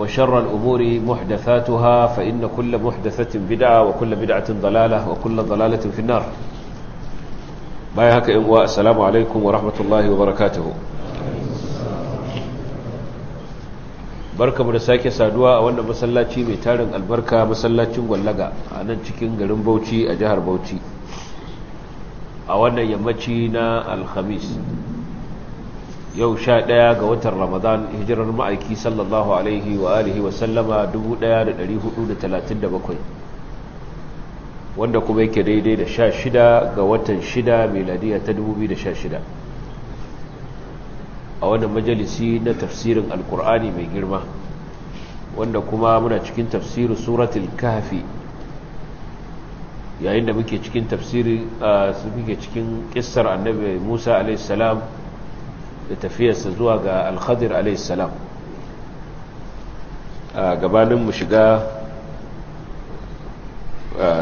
وشر الأمور محدثاتها فإن كل محدثة بدعة وكل بدعة ضلالة وكل ضلالة في النار بايهك uwa السلام عليكم ورحمة الله وبركاته barka mu da sake saduwa a wannan masallaci mai tarin albarka masallacin gwallaga a nan cikin garin bauchi a jihar bauchi a wannan yammaci na alhamis yau sha ɗaya ga watan ramadan hijirar ma'aiki sallallahu alaihi wa alihi wasallama 1437 wanda kuma yake daidai da sha shida ga watan shida meladiya ta 2016 a wannan majalisi na tafsirin alkur'ani mai girma wanda kuma muna cikin tafsirin suratul kafi yayin da muke cikin tafsirin muke cikin kissar annabi musa alaihi salam da tafiyarsa zuwa ga alkhadir a.s. a gabanin mu shiga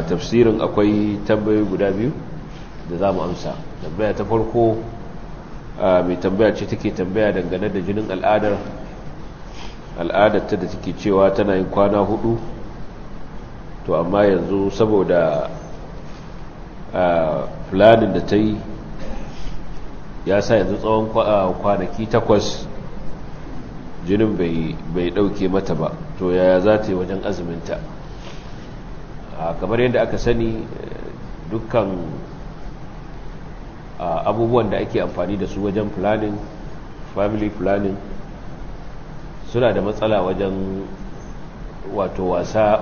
tafsirin akwai tambayoyi guda biyu da za mu amsa tambaya ta farko mai tambaya ce take tambaya dangane da jinin al'adar al'adar ta da take cewa tana yin kwana hudu to amma yanzu saboda planning da ta yi ya sa yanzu tsawon kwanaki takwas jinin bai ɗauke mata ba to yaya za ta yi wajen aziminta kamar yadda aka sani eh, dukkan abubuwan da ake amfani da su wajen planning family planning suna da matsala wajen wato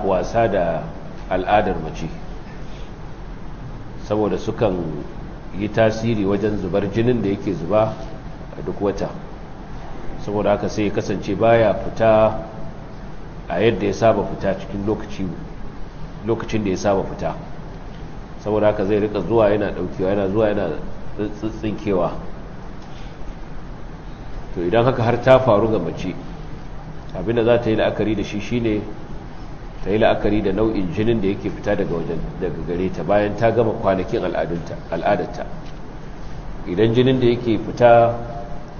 wasa da al'adar mace saboda sukan yi tasiri wajen zubar jinin da yake zuba a duk wata saboda haka sai ya kasance baya fita a yadda ya saba fita cikin lokacin da ya saba fita saboda haka zai rika zuwa yana daukewa yana zuwa yana tsintsinkewa to idan haka har ta faru ga mace abinda za ta yi la'akari da shi shine ta yi la'akari da nau'in jinin da yake fita daga wajen daga gare ta bayan ta gama kwanakin al'adarta idan jinin da yake fita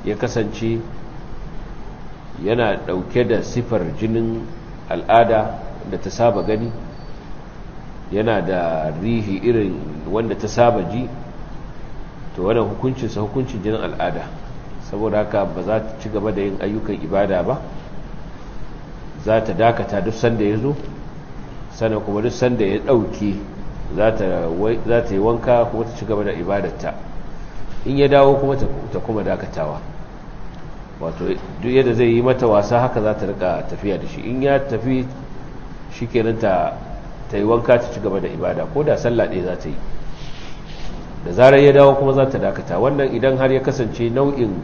ya kasance yana ɗauke da sifar jinin al'ada da ta saba gani yana da rihi irin wanda ta saba ji to wannan hukuncinsa hukuncin jinin al'ada saboda haka ba za ta ci gaba da yin ayyukan ibada ba za ta dakata duk sanda ya zo sannan kuma duk sanda ya ɗauke za ta yi wanka kuma ta ci gaba da ibadarta in ya dawo kuma ta kuma dakatawa wato duk yadda zai yi mata wasa haka za ta rika tafiya da shi in ya tafi shi kenan ta yi wanka ta ci gaba da ibada ko da sallade ɗaya za ta yi da zarar ya dawo kuma za ta dakata wannan idan har ya kasance nau'in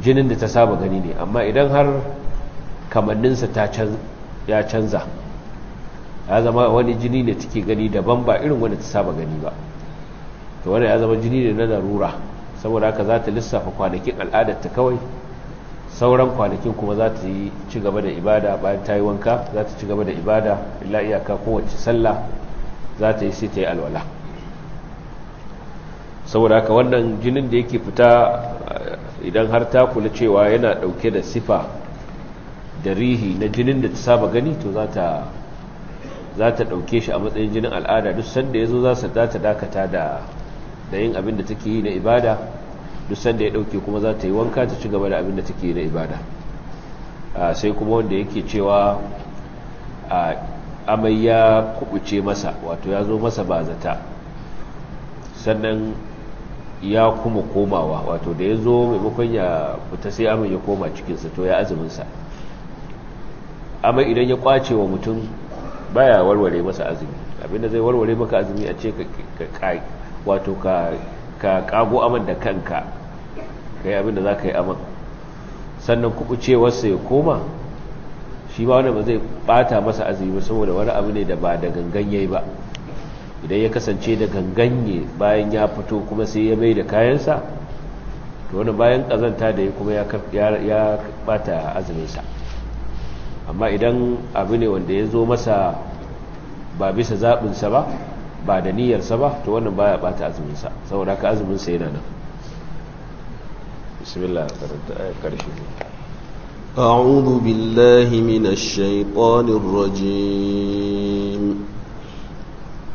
jinin da ta saba gani ne amma idan har kamanninsa ya canza ya zama wani jini ne take gani daban ba irin wanda ta saba gani ba to wanda ya zama jini ne na larura saboda haka za ta lissafa kwanakin al'adarta kawai sauran kwanakin kuma za ta yi ci gaba da ibada bayan ta yi wanka za ta ci gaba da ibada illa iyaka kowace sallah za ta yi sai ta yi alwala saboda haka wannan jinin da yake fita idan har ta kula cewa yana dauke da sifa da rihi na jinin da ta saba gani to za ta ɗauke shi a matsayin jinin al'ada duk sanda ya zo za ta dakata da yin abin da take yi na ibada duk sanda ya ɗauke kuma za ta yi wanka ta ci gaba da abin da take yi na ibada sai kuma wanda yake cewa amai ya kubuce masa wato ya zo masa ba zata sannan ya kuma komawa wato da ya zo maimakon ya fita sai amai ya koma cikinsa to ya azuminsa amma idan ya kwace wa mutum baya warware masa azumi abinda zai warware maka azumi a ce ka wato ka kago aman da kanka kai abinda za yi aman sannan wasa ya koma shi ba wanda ba zai bata masa azumi saboda wani abu ne da ba da gangan yayi ba idan ya kasance da ganganye bayan ya fito kuma sai ya bai da kayansa to wani bayan kazanta da ya kuma ya bata sa. amma idan abu ne wanda ya zo masa ba bisa zaɓinsa ba ba da niyyarsa ba to wannan baya bata azuminsa saboda ka azuminsa yana nan bismillah karshe أعوذ بالله من الشيطان الرجيم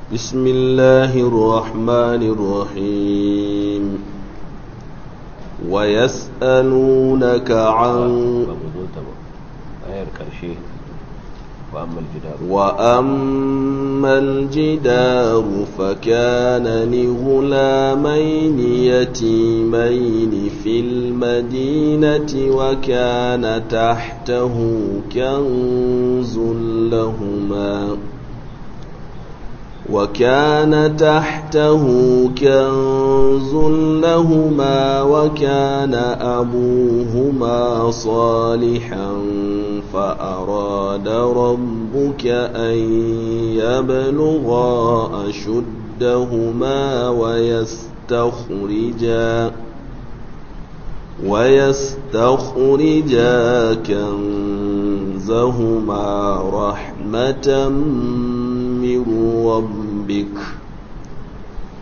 بسم الله الرحمن الرحيم ويسألونك عن ƙarshe وأما الجدار وأما الجدار فكان لغلامين يتيمين في المدينة وكان تحته كنز لهما وكان تحته كنز لهما وكان أبوهما صالحا فأراد ربك أن يبلغا أشدهما ويستخرجا ويستخرجا كنزهما رحمة غير ربك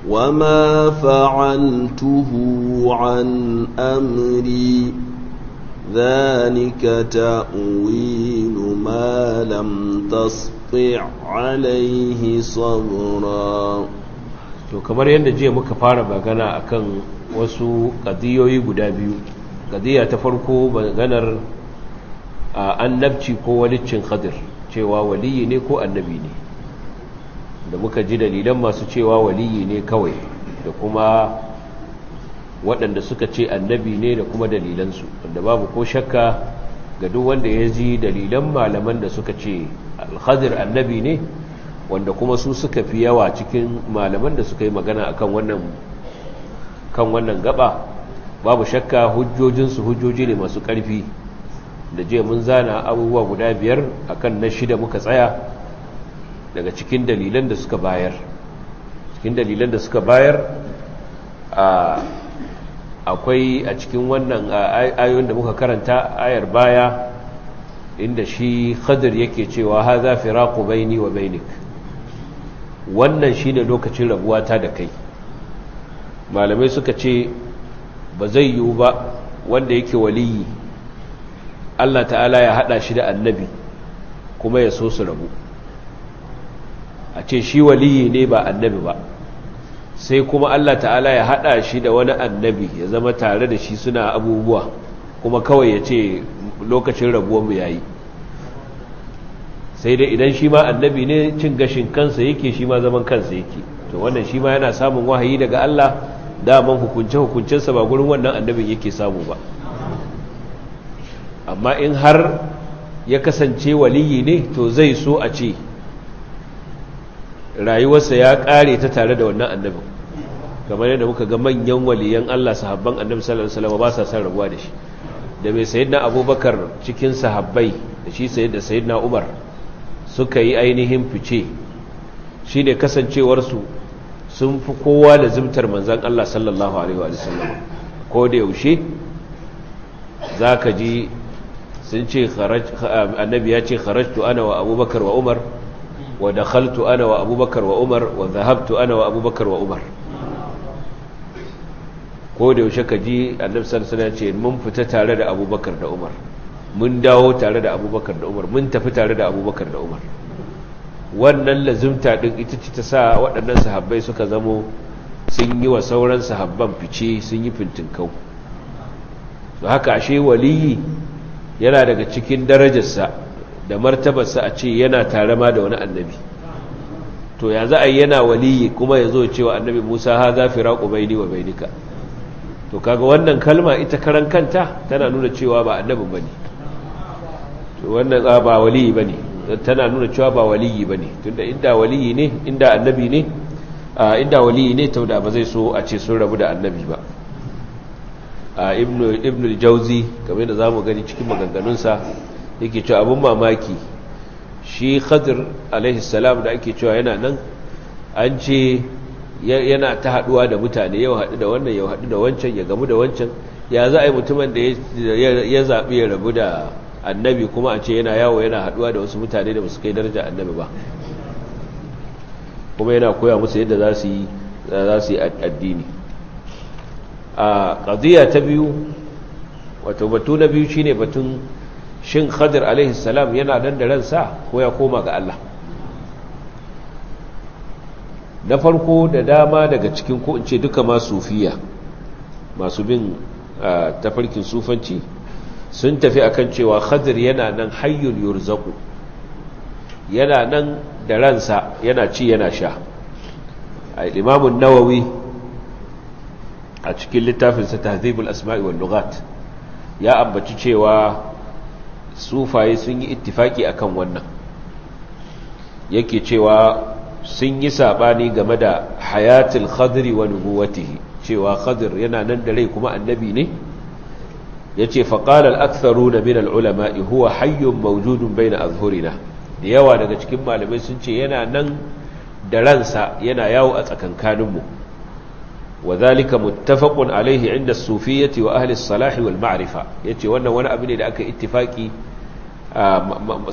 وما فعلته عن أمري ذلك تأويل ما لم تسطع عليه صبرا to kamar yadda jiya muka fara magana akan wasu kadiyoyi guda biyu kadiya ta farko maganar annabci ko walicin khadir cewa waliyi ne ko annabi ne da muka ji dalilan masu cewa waliyi ne kawai da kuma waɗanda suka ce annabi ne da kuma dalilansu wanda babu ko shakka ga duk wanda ya ji dalilan malaman da suka ce alhazir annabi ne wanda kuma su suka fi yawa cikin malaman da suka yi magana akan wannan kan wannan gaba babu shakka hujjojinsu hujjoji ne masu ƙarfi da je mun zana abubuwa guda biyar akan na shida muka tsaya daga cikin dalilan da suka bayar cikin dalilan da suka bayar akwai a cikin wannan ayoyin da muka karanta ayar baya inda shi khadir yake cewa haza raku baini wa bainik wannan shi shine lokacin rabuwa ta da kai malamai suka ce ba zai yiwu ba wanda yake waliyi Allah ta'ala ya hada shi da annabi kuma ya so su rabu a ce shi waliyi ne ba annabi ba sai kuma Allah ta'ala ya hada shi da wani annabi ya zama tare da shi suna abubuwa kuma kawai ya ce lokacin rabuwanmu ya yi sai dai idan shi ma annabi ne cin gashin kansa yake shi ma zaman kansa yake to wannan shi ma yana samun wahayi daga Allah daman hukunce-hukuncensa ba gurin wannan annabin yake samu ba amma in har ya kasance waliyi ne to zai so a ce rayuwarsa ya ƙare ta tare da wannan annabin kamar yadda muka ga manyan waliyan Allah sahabban annabi sallallahu alaihi wasallam ba sa san rabuwa da shi da mai sayyidina Abubakar cikin sahabbai da shi sayyidina sayyidina Umar suka yi ainihin fice shine kasancewar su sun fi kowa da zimtar manzon Allah sallallahu alaihi wasallam ko da yaushe zaka ji sun ce annabi ya ce kharajtu ana wa Abubakar wa Umar wa dakhaltu ana wa abubakar wa umar wa zahabtu ana wa abubakar wa umar ko da yaushe ka ji annabi sallallahu alaihi ce mun fita tare da abubakar da umar mun dawo tare da abubakar da umar mun tafi tare da abubakar da umar wannan lazumta din ita ce ta sa waɗannan sahabbai suka zamo sun yi wa sauran sahabban fice sun yi fintinkau to haka ashe waliyi yana daga cikin darajarsa da martabarsa a ce yana tare ma da wani annabi to ya za a yi yana waliyi kuma ya zo cewa annabi musa ha za fi raƙo baini wa bainika to kaga wannan kalma ita karan kanta tana nuna cewa ba annabi ba ne wannan ba waliyi ba ne tana nuna cewa ba waliyi ba ne tunda inda waliyi ne inda annabi ne inda waliyi ne ta da ba zai so a ce sun rabu da annabi ba ibnu ibnu jauzi kamar da zamu gani cikin maganganunsa yake cewa abin mamaki shi khadir alaihissalam da ake cewa yana nan an ce yana ta haduwa da mutane yau haɗu da wannan yau haɗu da wancan ya gamu da wancan ya za a yi mutumin da ya zaɓi ya rabu da annabi kuma a ce yana yawo yana haduwa da wasu mutane da basu kai daraja annabi ba kuma yana koya musu yadda za su yi addini a ƙadiyya ta biyu wato batu na biyu shine batun shin khadir alaihi salam yana nan da ransa ko ya koma ga Allah na farko da dama daga cikin ko in ce duka ma sufiya masu bin tafarkin sufanci sun tafi akan cewa khadir yana nan hayyul yurzaku yana nan da ransa yana ci yana sha al an nawawi a cikin littafinsa tahzibul asma'i wal lughat ya ambaci cewa sufaye sun yi ittifaki akan wannan yake cewa sun yi sabani game da hayatul khadri wa nubuwatihi cewa khadir yana nan da rai kuma annabi ne yace fa qala al aktharuna min al ulama huwa hayyun mawjudun bayna azhurina da yawa daga cikin malamai sun ce yana nan da ransa yana yawo a tsakankaninmu mu wa zalika muttafaqun alaihi inda sufiyyati wa ahli salahi wal ma'rifa yace wannan wani abu ne da aka ittifaki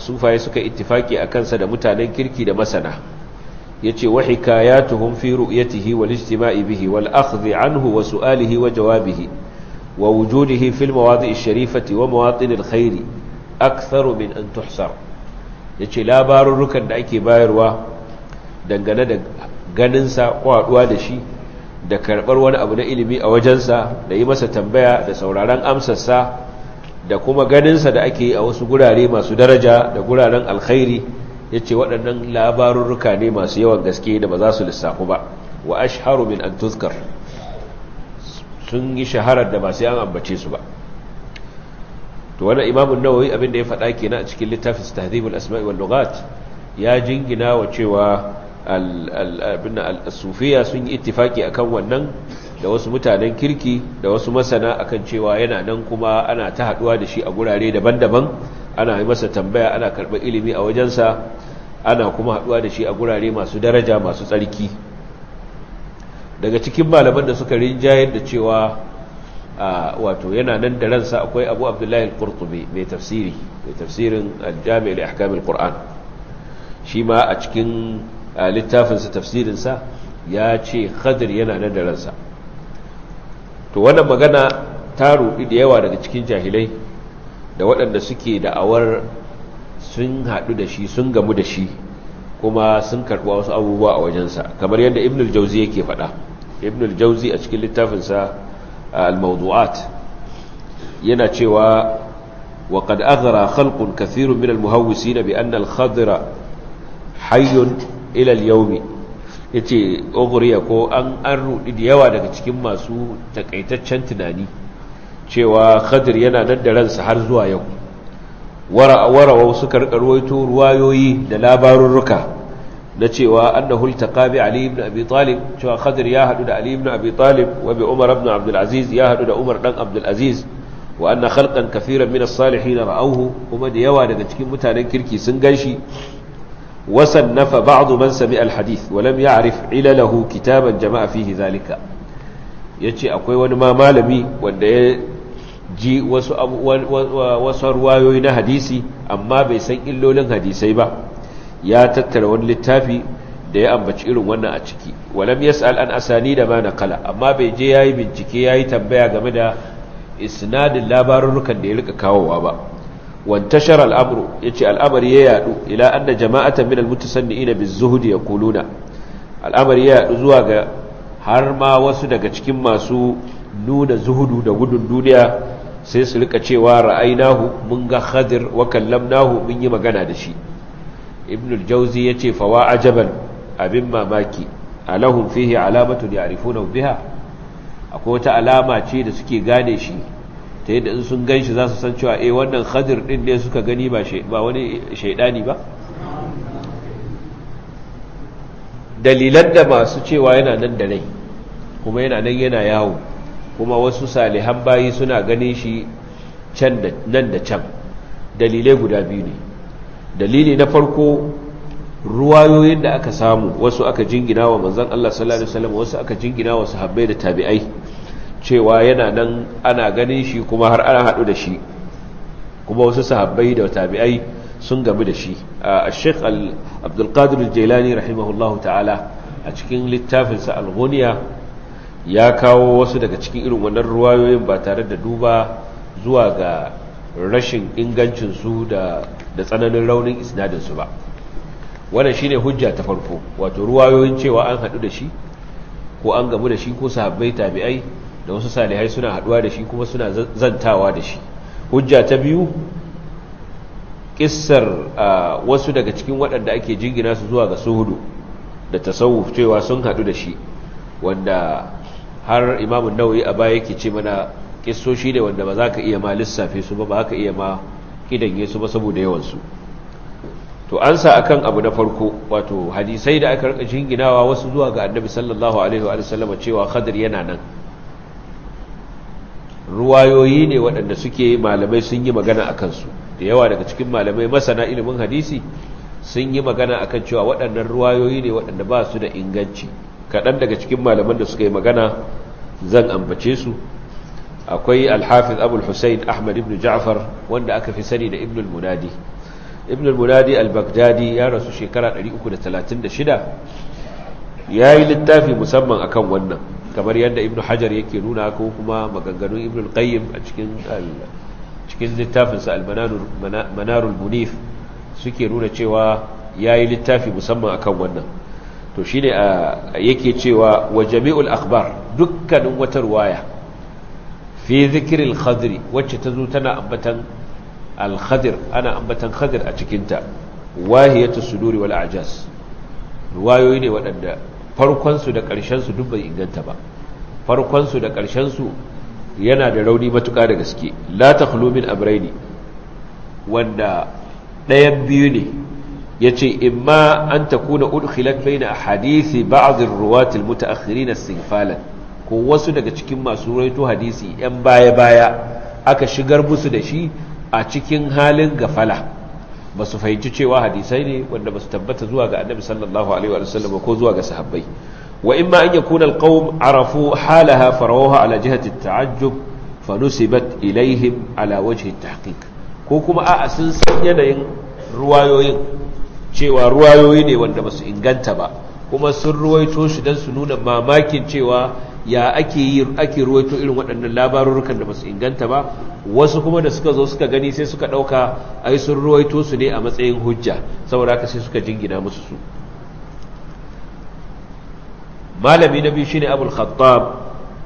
sufaye suka ittifaki akan sa da mutanen kirki da masana yace wa hikayatuhum fi ru'yatihi wal ijtima'i bihi wal akhdhi anhu wa su'alihi wa jawabihi wa wujudihi fil mawadi'i sharifati wa mawatinil khairi aktharu min an tuhsar yace labarurrukan da ake bayarwa dangane da ganinsa kwaduwa da shi da karɓar wani abu na ilimi a wajensa da yi masa tambaya da sauraron amsarsa da kuma ganinsa da ake yi a wasu gurare masu daraja da guraren alkhairi ya ce waɗannan labarurruka ne masu yawan gaske da ba za su lissafu ba wa ashharu min an tuskar sun yi shaharar da ba sai ambace su ba to wani imamun nawoyi abin ya faɗa kenan a cikin littafin tahdhibul asma'i wal Lugat ya jingina wa cewa al-sufiya sun yi ittifaki akan wannan da wasu mutanen kirki da wasu masana akan cewa yana nan kuma ana ta haduwa da shi a gurare daban-daban ana masa tambaya ana karɓar ilimi a wajensa ana kuma haduwa da shi a gurare masu daraja masu tsarki daga cikin malaman da suka rinjayar da cewa wato yana nan da ransa akwai abu abdullahi al-qurtubi mai tafsiri mai tafsirin al-jami' li ahkam al-qur'an shi ma a cikin littafinsa tafsirinsa ya ce khadir yana nan da ransa to wannan magana ta ruɗi da yawa daga cikin jahilai da waɗanda suke da'awar sun haɗu da shi sun gamu da shi kuma sun karɓi wasu abubuwa a wajensa kamar yadda ibnul jauzi yake faɗa ibnul jauzi a cikin littafinsa al-mawdu'at yana cewa وقد أغرى خلق كثير من المهوسين بأن الخضر hayyun ilal yaumi yace oguriya ko an an rudi da yawa daga cikin masu takaitaccen tunani cewa khadir yana nan da ransa har zuwa yau wara warawa su rika ruwaito ruwayoyi da labarurruka na cewa annahu iltaqa bi ali ibn abi talib cewa khadir ya hadu da ali ibn abi talib wa bi umar ibn ya hadu da umar dan abdul aziz wa anna khalqan kaseeran min as-salihin ra'awhu kuma da yawa daga cikin mutanen kirki sun ganshi وصنف بعض من سمع الحديث ولم يعرف علله كتابا جمع فيه ذلك yace akwai wani ma malami wanda ya ji wasu wasu na hadisi amma bai san illolin hadisai ba ya tattara wani littafi da ya ambaci irin wannan a ciki walam yas'al an asani da ma naqala amma bai je yayi bincike yayi tambaya game da isnadin labarurrukan da ya rika kawowa ba وانتشر الأمر يتي الأمر ييادو ya kuluna جماعة من المتسنئين بالزهد يقولون Har ma wasu daga cikin masu nuna zuhudu da gudun duniya sai su rika cewa ra'ainahu mun ga khadir wa kallamnahu mun yi magana da shi ibn al-jawzi yace fa wa ajaban abin mamaki alahum fihi alamatu ya'rifuna biha akwai wata alama ce da suke gane shi ta yadda sun gan shi za su san cewa eh wannan khadir ɗin ne suka gani ba wani shaidani ba dalilan da masu cewa yana nan da rai kuma yana nan yana yawo kuma wasu salihan bayi suna ganin shi can nan da can dalilai guda biyu ne dalili na farko ruwayoyin da aka samu wasu aka jingina wa manzan Allah sallallahu alaihi wasu aka jingina wa sahabbai da tabi'ai cewa yana nan ana ganin shi kuma har ana haɗu da shi kuma wasu sahabbai da tabi'ai sun gami da shi a sheikh abdulkadir jailani rahimahullahu ta'ala a cikin littafinsa algoniya ya kawo wasu daga cikin irin wannan ruwayoyin ba tare da duba zuwa ga rashin ingancinsu da tsananin raunin isnadinsu ba wannan shine hujja ta farko wato ruwayoyin cewa an haɗu da shi ko an gamu da shi ko sahabbai tabi'ai da wasu salihai suna haduwa da shi kuma suna zantawa da shi hujja ta biyu kissar wasu daga cikin waɗanda ake jingina su zuwa ga suhudu da tasawuf cewa sun haɗu da shi wanda har imamun nawayi a baya yake ce mana shi ne wanda ba za ka iya ma lissafe su ba ba ka iya ma kidanye su ba saboda yawansu to an sa akan abu na farko wato hadisai da aka rika jinginawa wasu zuwa ga annabi sallallahu alaihi wa sallam cewa khadir yana nan ruwayoyi ne waɗanda suke malamai sun yi magana a kansu da yawa daga cikin malamai masana ilimin hadisi sun yi magana a kan cewa waɗannan ruwayoyi ne waɗanda ba su da inganci kaɗan daga cikin malaman da suka yi magana zan ambace su akwai alhafiz abul hussain ahmad ibn ja'far wanda aka fi sani da ibn al-munadi ibn al-munadi al-baghdadi ya rasu shekara 336 ya yi littafi musamman akan wannan kamar yadda ibn hajar yake nuna ko kuma maganganun ibn qayyim a cikin cikin littafinsa al-manarul munif suke nuna cewa yayi littafi musamman akan wannan to shine yake cewa wa jami'ul akhbar dukkanin wata ruwaya fi dhikril khadri wacce tazo tana ambatan al-khadir ana ambatan khadir a cikin ta wahiyatu suduri wal ajaz ruwayoyi ne waɗanda farkonsu da ƙarshensu duk bai inganta ba farkonsu da ƙarshensu yana da rauni matuƙa da gaske la takhlu a amrayni wanda ɗayan biyu ne yace imma an takuna udkhilat baina ahadisi ba'd ar-ruwat al-mutaakhirin istighfalan ko wasu daga cikin masu raito hadisi yan baya baya aka shigar musu da shi a cikin halin gafala ba su fahimci cewa hadisai ne wanda ba su tabbata zuwa ga annabi sallallahu alaihi ko zuwa ga sahabbai wa imma an yakuna alqawm arafu halaha farawaha ala jihati ta'ajjub fa nusibat ilaihim ala wajhi tahqiq ko kuma a'a sun san yanayin ruwayoyin cewa ruwayoyi ne wanda ba su inganta ba kuma sun ruwaito shi dan su nuna mamakin cewa ya ake yi ake ruwaito irin waɗannan labarurrukan da basu inganta ba wasu kuma da suka zo suka gani sai suka ɗauka ai sun ruwaito su ne a matsayin hujja saboda haka sai suka jingina musu su malami na biyu shine abul khattab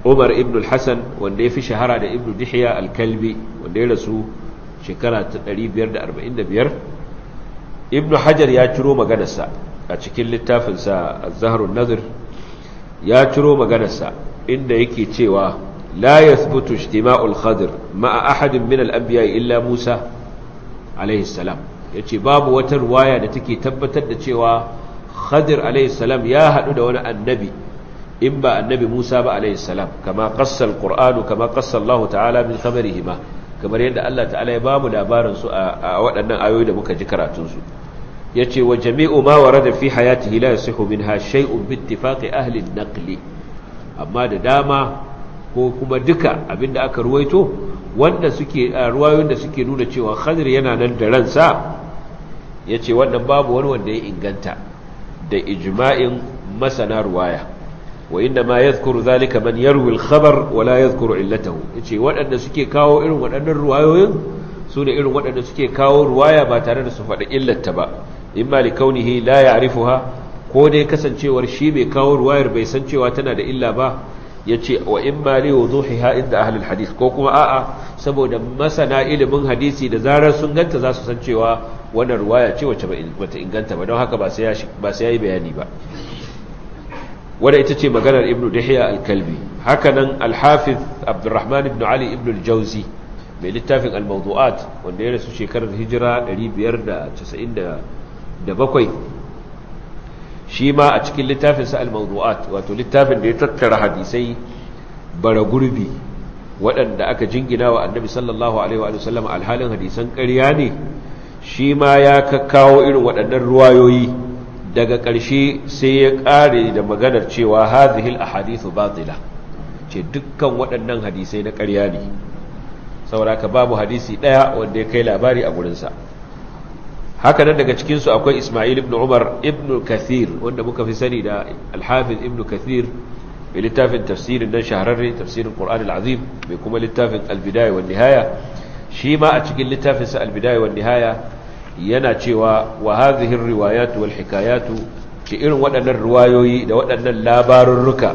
umar ibn al-hasan wanda ya fi shahara da ibn dihya al-kalbi wanda ya rasu shekara ta 545 ibn hajar ya ciro maganarsa a cikin littafinsa az-zahrun nazir ya ciro maganarsa inda yake cewa la yathbutu ijtima'ul khadir ma'a ahadin min al illa Musa alaihi salam yace babu wata ruwaya da take tabbatar da cewa khadir alaihi salam ya haɗu da wani annabi in ba annabi Musa ba alaihi salam kama qassa al kama qassa Allah ta'ala min kamar yadda Allah ta'ala ya bamu labarin su a waɗannan ayoyi da muka ji karatunsu. yace wa jami'u ma warada fi hayatihi la yasihu minha shay'un bi ittifaqi ahli ahalin naqli amma da dama ko kuma duka abinda aka ruwaito wanda suke ruwayoyin da suke nuna cewa Khadir yana nan da ransa yace wannan babu wani wanda ya inganta da ijma'in masana ruwaya wa inda ma yadhkuru zalika man yarwi al-khabar wa la yadhkuru illatahu yace waɗanda suke kawo irin waɗannan ruwayoyin su ne irin waɗanda suke kawo ruwaya ba tare da su faɗi illata ba imma li kaunihi la ya'rifuha ko dai kasancewar shi mai kawo ruwayar bai san cewa tana da illa ba yace wa imma li wuduhiha inda ahlul hadis ko kuma a'a saboda masana ilimin hadisi da zarar sun ganta za su san cewa wannan ruwaya ce wacce bata inganta ba don haka ba sai ba sai bayani ba wanda ita ce maganar ibnu dihiya alkalbi kalbi hakanan alhafiz hafiz abdurrahman ibn ali ibn al mai littafin al-mawdu'at wanda ya rasu shekarar hijira 594 da bakwai shi ma a cikin littafinsa al-mawdu'at wato littafin da ya tattara hadisai bara gurbi waɗanda aka jingina wa annabi sallallahu alaihi wa sallam alhalin hadisan ƙarya ne shi ma ya kakawo irin waɗannan ruwayoyi daga ƙarshe sai ya ƙare da maganar cewa hazihil a ahadithu batila ce dukkan waɗannan hadisai na ƙarya ne saboda ka babu hadisi ɗaya wanda ya kai labari a gurinsa haka nan daga cikinsu akwai ismail ibn umar ibn kathir wanda muka fi sani da alhafiz ibn kathir mai littafin tafsirin nan shahararre tafsirin ƙur'an al'azim mai kuma littafin albidaya wa nihaya shi ma a cikin littafinsa albidaya wa nihaya yana cewa wa hazihin riwayatu wal hikayatu irin waɗannan riwayoyi da waɗannan labarurruka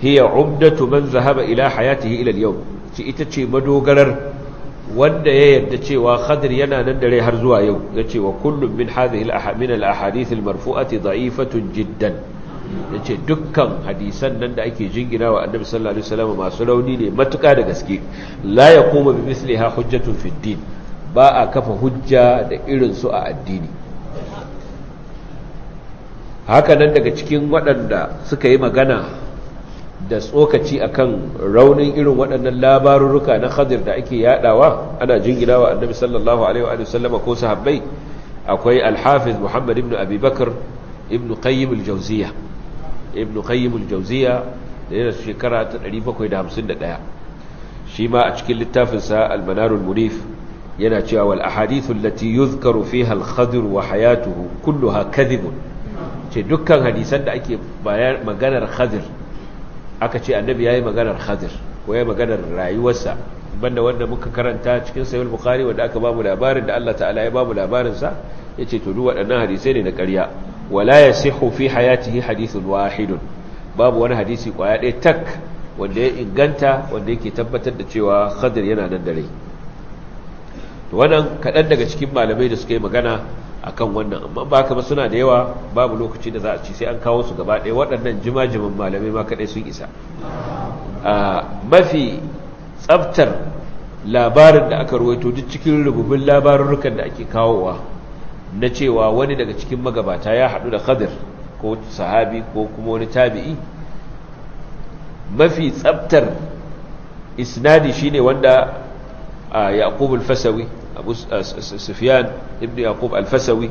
hiya umdatu man zahaba ila hayatihi ila ilal yau. ce ita ce madogarar wanda ya yarda cewa khadir yana nan da rai har zuwa yau ya ce wa kullum min hadhihi al-ahamin al-ahadith al-marfu'ati da'ifatun jiddan ya ce dukkan hadisan nan da ake jingina wa annabi sallallahu alaihi wasallam masu rauni ne matuka da gaske la yaqumu bi misliha hujjatun fi din ba a kafa hujja da irin su a addini haka nan daga cikin waɗanda suka yi magana da tsokaci akan raunin irin waɗannan labarurruka na khadir da ake yadawa ana jinginawa annabi sallallahu alaihi wa sallama ko sahabbai akwai al-hafiz muhammad ibn abi ibn qayyim al-jawziya ibn qayyim al-jawziya da yana shekara ta 751 shi ma a cikin littafin sa al-manarul yana cewa wal ahadithu allati yuzkaru fiha al-khadir wa hayatuhu kulluha kadhibun ce dukkan hadisan da ake maganar khadir aka ce annabi ya yi maganar khadir ko yi maganar rayuwarsa banda wanda muka karanta cikin sahih bukari wanda aka ba mu labarin da Allah ta'ala ya bamu labarin sa ya ce tudu waɗannan hadisai ne na ƙarya wala ya yasihu fi hayatihi hadisun wahidun babu wani hadisi kwaya ɗaya tak wanda ya inganta wanda yake tabbatar da cewa khadir yana nan dare to wannan kaɗan daga cikin malamai da suka yi magana akan wannan amma ba kama suna da yawa babu lokaci da za a ci sai an kawo su gaba ɗaya waɗannan jimajiman malamai ma kaɗai sun isa mafi tsaftar labarin da aka ruwaito duk cikin rububin labarurrukan da ake kawowa na cewa wani daga cikin magabata ya haɗu da khadir ko sahabi ko kuma wani tabi'i mafi tsabtar isnadi shine wanda a yaqubul fasawi abu sufyan ibn yaqub al-fasawi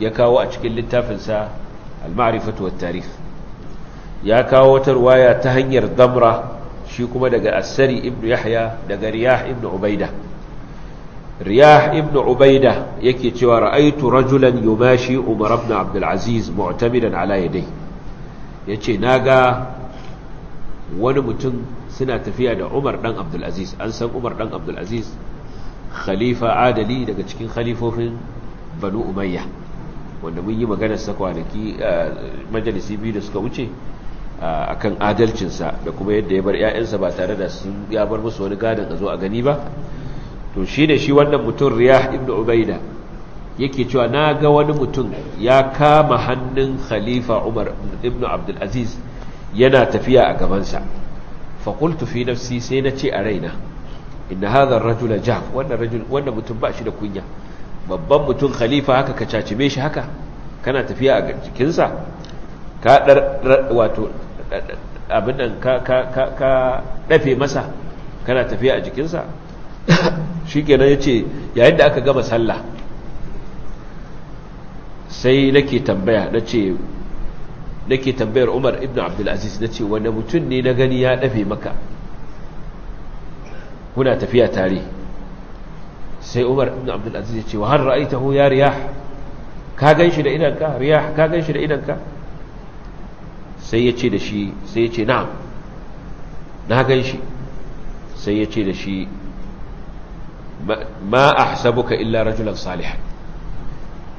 ya kawo a cikin littafinsa al-ma'rifatu wat-tarikh ya kawo wata ruwaya ta hanyar damra shi kuma daga asari ibn yahya daga riyah ibn ubaida riyah ibn ubaida yake cewa ra'aitu rajulan yumashi umar ibn abd al-aziz mu'tamidan ala yadayhi yace naga wani mutum suna tafiya da umar dan abdul aziz an san umar dan abdul aziz khalifa adali daga cikin khalifofin banu umayya wanda mun yi maganar sa kwanaki majalisi biyu da suka wuce akan adalcinsa da kuma yadda ya bar 'ya'yansa ba tare da sun ya bar musu wani gadon a zo a gani ba to shi ne shi wannan mutum riyah ibn ubaida yake cewa na ga wani mutum ya kama hannun khalifa umar ibn abdulaziz yana tafiya a gabansa faƙultu fi nafsi sai na ce a raina inna hadha ar-rajula jaf wannan rajul wannan mutum ba shi da kunya babban mutum khalifa haka ka cacime shi haka kana tafiya a jikin sa ka dar wato abin nan ka ka ka dafe masa kana tafiya a jikin sa shikenan yace yayin da aka gama sallah sai nake tambaya nace nake tambayar Umar ibn Abdul Aziz nace wanda mutum ne na gani ya dafe maka kuna tafiya tare sai umar ibn abdulaziz ya ce wa har ra'aitahu ya riyah ka ganshi shi da idanka riyah ka ganshi shi da idanka sai ya ce da shi sai ya ce na'am na ganshi sai ya ce da shi ma ahsabuka illa rajulan salihan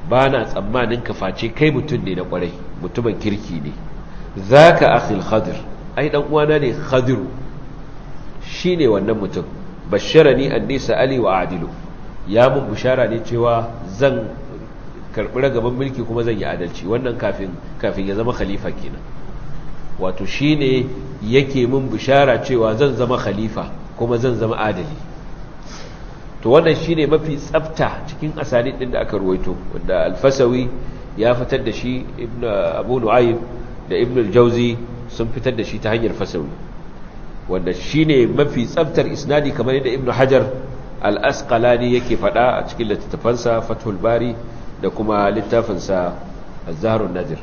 ba na tsammanin ka face kai mutum ne na kwarai mutumin kirki ne za ka akhil khadir ai dan uwana ne khadiru shine wannan mutum basharani anni sa'ali wa adilu ya mun bishara ne cewa zan karɓi ragaban mulki kuma zan yi adalci wannan kafin ya zama khalifa kenan wato shine yake mun bishara cewa zan zama khalifa kuma zan zama adali to wannan shine mafi tsafta cikin asali ɗin da aka ruwaito wanda alfasawi ya fitar da shi abu nu'aym da Ibn al sun fitar da shi ta hanyar fasawi wanda shi ne mafi tsaftar isnadi kamar yadda ibnu hajar al-asqalani yake faɗa a cikin littattafansa fathul bari da kuma littafinsa az-zahrun nadir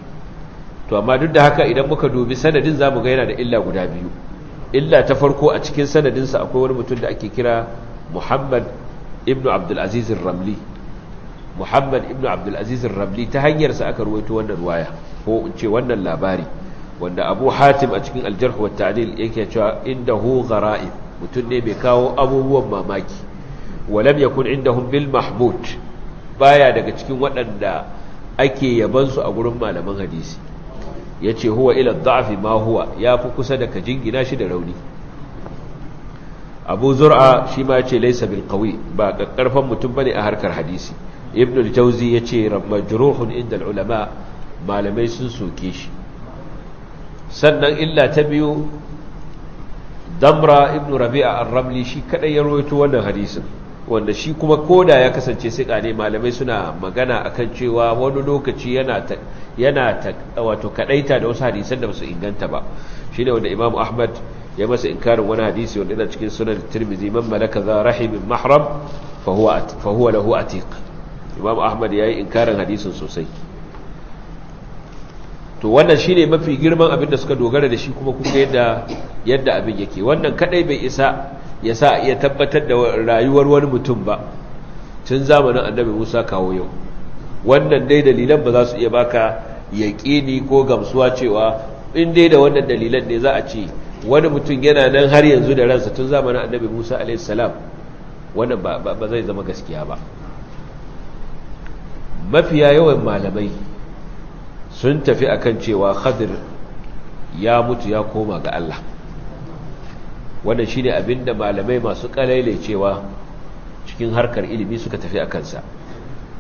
to amma duk da haka idan muka dubi sanadin zamu ga yana da illa guda biyu illa ta farko a cikin sanadinsa akwai wani mutum da ake kira muhammad ibnu abdul ramli muhammad ramli ta hanyarsa aka ruwaito wannan waya ko in ce wannan labari wanda abu hatim a cikin aljarhu wa ta'adil yake cewa inda hu gara'i mutum ne mai kawo abubuwan mamaki walam yakun inda hun bil mahmud baya daga cikin waɗanda ake yabansu a gurin malaman hadisi ya ce huwa ila da'afi ma huwa ya fi kusa da ka jingina shi da rauni abu zur'a shi ma ce laisa bil qawi ba kakkarfan mutum bane a harkar hadisi ibnu ya ce yace majruhun inda al-ulama malamai sun soke shi sannan illa ta biyu damra ibn rabi'a ar-ramli shi kadai ya rawaito wannan hadisin wanda shi kuma koda ya kasance sika ne malamai suna magana akan cewa wani lokaci yana yana wato kadaita da wasu hadisan da basu inganta ba shine wanda imam ahmad ya masa inkarin wani hadisi wanda yana cikin sunan tirmidhi man malaka za rahimin mahram fa huwa fa huwa lahu atiq imam ahmad yayi inkarin hadisin sosai to wannan shine mafi girman abin da suka dogara da shi kuma kuka yadda yadda abin yake wannan kadai bai isa ya sa iya tabbatar da rayuwar wani mutum ba tun zamanin annabi Musa kawo yau wannan dai dalilan ba za su iya baka yaqini ko gamsuwa cewa in dai da wannan dalilan ne za a ce wani mutum yana nan har yanzu da ransa tun zamanin annabi Musa alayhi salam wannan ba zai zama gaskiya ba mafiya yawan malamai sun tafi akan cewa khadir ya mutu ya koma ga Allah wannan shine abinda malamai masu kalaile cewa cikin harkar ilimi suka tafi a kansa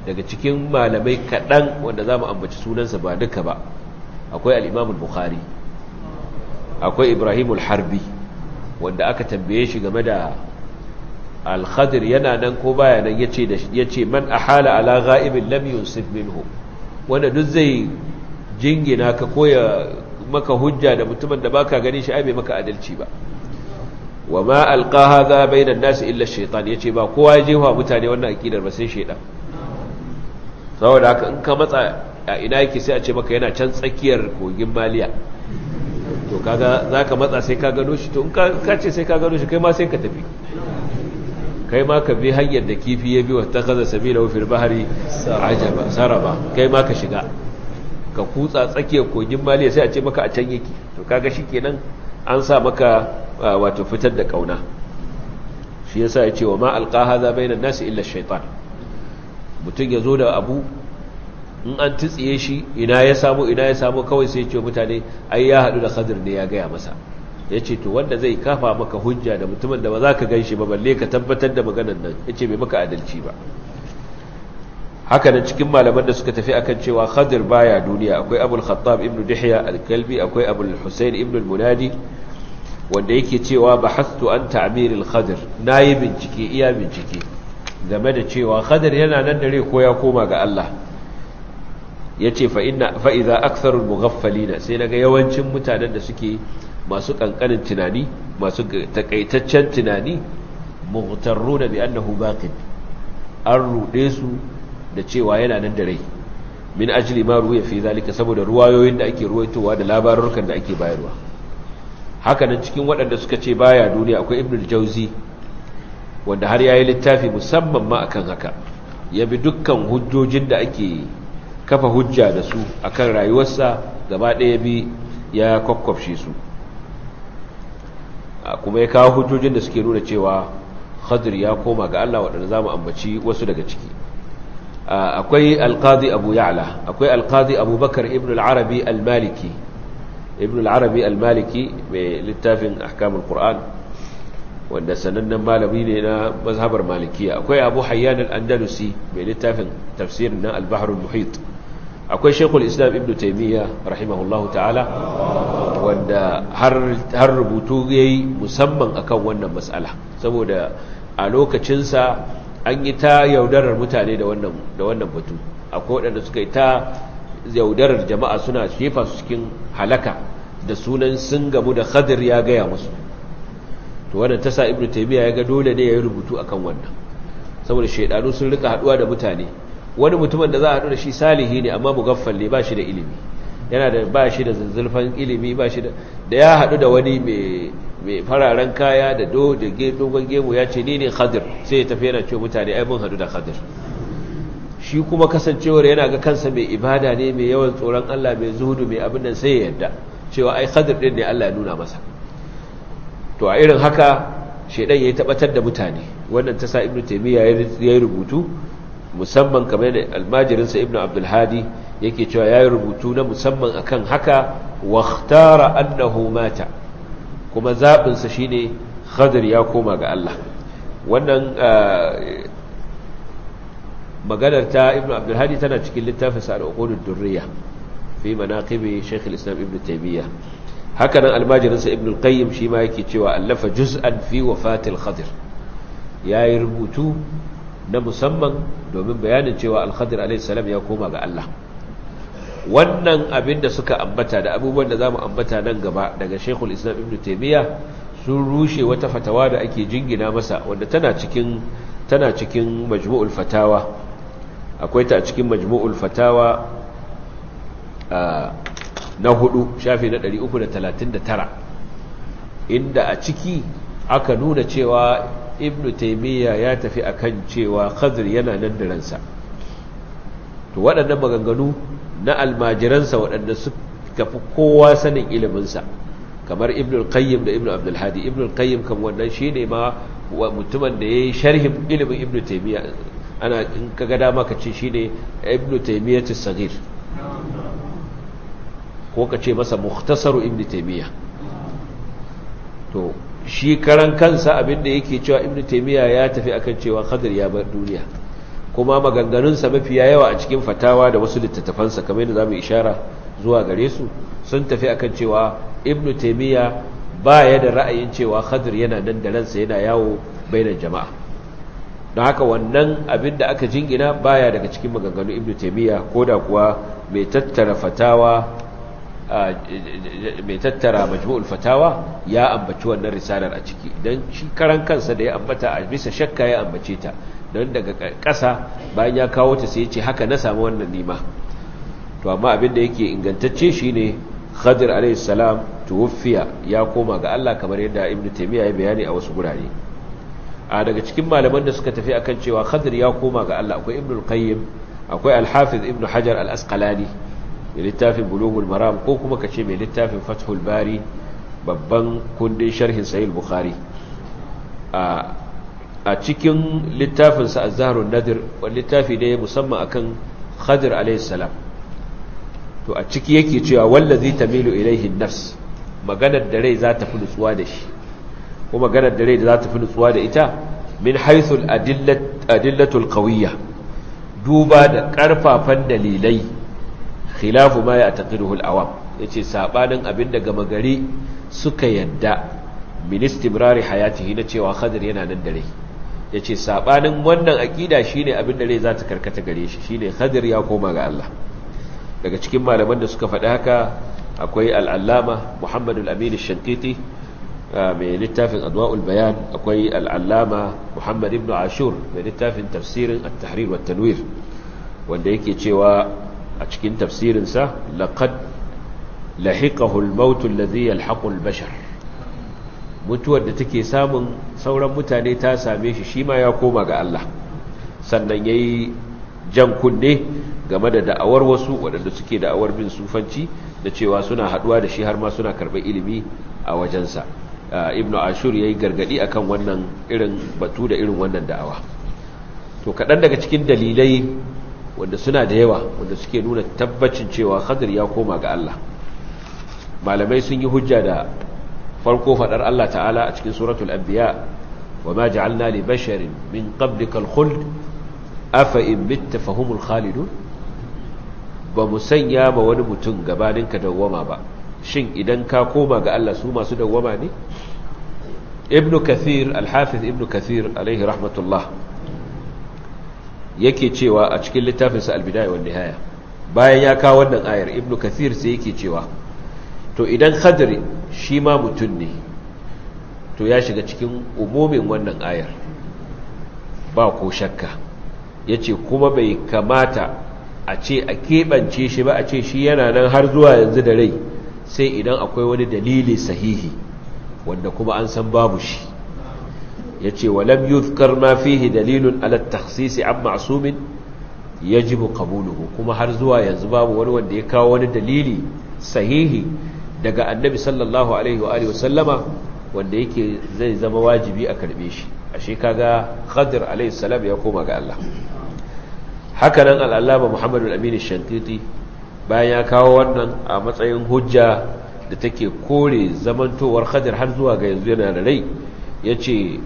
daga cikin malamai kaɗan wanda za mu ambaci sunansa ba duka ba akwai al'imamul bukhari akwai ibrahimul harbi wanda aka tambaye shi game da alkhadir yana nan ko baya nan ya ce man a hala ala ga'ibin lam yusuf minhu wanda duk zai jingina ka koya maka hujja da mutumin da baka gani shi ai bai maka adalci ba wa ma alqa hadha bayna an-nas illa ash-shaytan yace ba kowa ya jefa mutane wannan akidar ba sai shaydan saboda haka in ka matsa a ina yake sai a ce maka yana can tsakiyar kogin maliya to kaga zaka matsa sai ka gano shi to in ka ce sai ka gano shi kai ma sai ka tafi kai ma ka bi hanyar da kifi ya bi wa ta kaza sabila fil bahri ajaba saraba kai ma ka shiga ka kutsa tsakiyar kogin maliya sai a ce maka a can yake to kaga shikenan an sa maka wato fitar da kauna shi yasa ya ce wa ma alqa hadha bainan nasi illa shaitan mutum ya zo da abu in an tutsiye shi ina ya samu ina ya samu kawai sai ya ce mutane ai ya hadu da khadir ne ya gaya masa yace to wanda zai kafa maka hujja da mutumin da ba za ka gan shi ba balle ka tabbatar da maganar nan ya ce bai maka adalci ba haka nan cikin malaman da suka tafi akan cewa khadir baya duniya akwai abul khattab ibnu dihya al-kalbi akwai abul husayn ibnu al-munadi wanda yake cewa bahastu an ta'mir al-khadir nayi bincike iya bincike game da cewa khadir yana nan dare ko ya koma ga Allah yace fa inna fa idza aktharu al-mughaffalina sai naga yawancin mutanen da suke masu kankanin tunani masu takaitaccen tunani mughtarruna bi annahu baqin an rude su da cewa yana nan da rai min ajli ma ruwa fi zalika saboda ruwayoyin da ake ruwaitowa da labarurkan da ake bayarwa haka nan cikin waɗanda suka ce baya duniya akwai ibnu ibnul jauzi wanda har yayi littafi musamman ma akan haka ya bi dukkan hujjojin da ake kafa hujja da su akan rayuwarsa gaba ɗaya bi ya kwakwafshe su kuma ya kawo hujjojin da suke nuna cewa khadir ya koma ga Allah waɗanda za mu ambaci wasu daga ciki akwai alqadi abu ya'la akwai alqadi abubakar ibn al-arabi al-maliki ibn al-arabi al-maliki mai littafin ahkamul qur'an wanda sanannen malami ne na mazhabar malikiya akwai abu hayyan al-andalusi mai littafin tafsirin na al-bahr al-muhit akwai shekul islam ibn taimiyya rahimahullahu ta'ala wanda har rubutu yayi musamman akan wannan matsala saboda a lokacinsa an yi ta yaudarar mutane da wannan batu akwai waɗanda suka yi ta yaudarar jama'a suna shefa su cikin halaka da sunan sun gamu da khadir ya gaya musu to wannan tasa ibnu taymiya ya ga dole ne ya yi rubutu akan wannan saboda shaidanu sun rika haduwa da mutane wani mutumin da za a haɗu da shi salihi ne amma mugaffal ne ba shi da ilimi yana da ba shi da zulfan ilimi ba shi da ya haɗu da wani mai fararen kaya da dogon gemu ya ce ni ne khadir sai ya tafi yana ce mutane ai mun haɗu da khadir shi kuma kasancewar yana ga kansa mai ibada ne mai yawan tsoron Allah mai zuhudu mai abin nan sai ya yarda cewa ai khadir din ne Allah ya nuna masa to a irin haka shedan yayi tabbatar da mutane wannan ta sa ibnu taymiya yayi rubutu musamman kamar almajirinsa ibn abdulhadi yake cewa ya yi rubutu na musamman akan haka waktara annahu mata kuma zaɓinsa shi ne khadir ya koma ga Allah wannan ah, maganar ta ibn abdulhadi tana cikin littafinsa al'ukunin durriya fi manaƙibi shekul islam ibn taimiyya hakanan almajirinsa ibn qayyim shi ma yake cewa allafa juz'an fi wafatil khadir ya yi rubutu na musamman domin bayanin cewa Alkhadir khadir alaihissalam ya koma ga Allah wannan abin da suka ambata da abubuwan da zamu ambata nan gaba daga shekul islam ibn taimiyya sun rushe wata fatawa da ake jingina masa wanda tana cikin tana cikin majmu'ul fatawa akwai ta cikin majmu'ul fatawa na hudu shafi na 339 inda a ciki aka nuna cewa ibnu taimiyya ya tafi a kan cewa khadir yana nan da ransa to waɗannan maganganu na almajiransa waɗanda suka fi kowa sanin iliminsa kamar ibnul qayyim da ibnu abdul hadi qayyim kan wannan shine ma mutumin da yayi sharhin ilimin ibnu taymiya ana in kaga dama ka ce shine ibnu ta sagir ko ka ce masa mukhtasaru ibnu taymiya to shi karan kansa abinda yake cewa Ibn taymiya ya tafi akan cewa qadar ya bar duniya kuma maganganunsa mafiya yawa a cikin fatawa da wasu littattafansa kamar yadda zamu ishara zuwa gare su sun tafi akan cewa Ibn taymiya baya da ra'ayin cewa qadar yana nan da ransa yana yawo bainar jama'a don haka wannan abin da aka jingina baya daga cikin maganganun ibnu taymiya koda kuwa mai tattara fatawa mai tattara majmu'ul fatawa ya ambaci wannan risalar a ciki don shi karan kansa da ya ambata a bisa shakka ya ambace ta don daga ƙasa bayan ya kawo ta sai ya ce haka na samu wannan nima to amma abin da yake ingantacce shi ne khadir alaihissalam tuwuffiya ya koma ga allah kamar yadda ibn taimiyya ya bayani a wasu gurare a daga cikin malaman da suka tafi akan cewa khadir ya koma ga allah akwai ibn al-qayyim akwai al-hafiz ibn hajar al-asqalani mai littafin bulughul maram ko kuma kace mai littafin fathul bari babban kundin sharhin sahih bukhari a a cikin littafin sa az nadir wani littafi ne musamman akan khadir alayhi salam to a ciki yake cewa wallazi tamilu ilayhi an-nafs maganar da rai za ta fi nutsuwa da shi ko maganar da rai da za ta fi nutsuwa da ita min haythul adillatul qawiyya duba da karfafan dalilai khilafu ma ya taqiruhu al-awam yace sabanin abin da gama gari suka yadda min istimrari hayatihi na cewa khadir yana nan dare yace sabanin wannan aƙida shine abin da rai za ta karkata gare shi shine khadir ya koma ga Allah daga cikin malaman da suka faɗi haka akwai al-allama Muhammad al-Amin al-Shankiti mai littafin adwa'ul bayan akwai al'alama muhammad ibn ashur mai littafin tafsirin at-tahrir wa tanwir wanda yake cewa a cikin tafsirinsa laqad lahiqahu al-maut alladhi bashar mutuwar da take samun sauran mutane ta same shi shi ma ya koma ga Allah sannan yayi jan kunne game da da'awar wasu waɗanda suke da'awar bin sufanci da cewa suna haɗuwa da shi har ma suna karɓar ilimi a wajensa ibnu ashur yayi gargadi akan wannan irin batu da irin wannan da'awa to kaɗan daga cikin dalilai wanda suna da yawa wanda suke nuna tabbacin cewa khadir ya koma ga Allah malamai sun yi hujja da farko fadar Allah ta'ala a cikin suratul anbiya wa ma ja'alna li basharin min qablika al-khuld afa in mitta fahumul khalidun ba mu sanya ma wani mutum gabanin ka dawwama ba shin idan ka koma ga Allah su masu dawwama ne ibnu kathir al-hafiz ibnu kathir alaihi rahmatullah yake cewa a cikin littafinsa albidaya wanda haya bayan ya kawo wannan ayar ibn kathir sai yake cewa to idan khadri shi ma mutum ne to ya shiga cikin umumin wannan ayar ba ko shakka ya ce kuma bai kamata a ce a keɓance shi ba a ce shi yana nan har zuwa yanzu da rai sai idan akwai wani dalili sahihi wanda kuma an san babu shi yace walam yuzkar ma fihi dalilun ala takhsis an ma'sumin yajibu qabuluhu kuma har zuwa yanzu babu wani wanda ya kawo wani dalili sahihi daga annabi sallallahu alaihi wa alihi wasallama wanda yake zai zama wajibi a karbe shi ashe kaga khadir alaihi salam ya koma ga Allah haka nan al-allama muhammadu al-amin shantiti bayan ya kawo wannan a matsayin hujja da take kore zamantowar khadir har zuwa ga yanzu yana da rai yace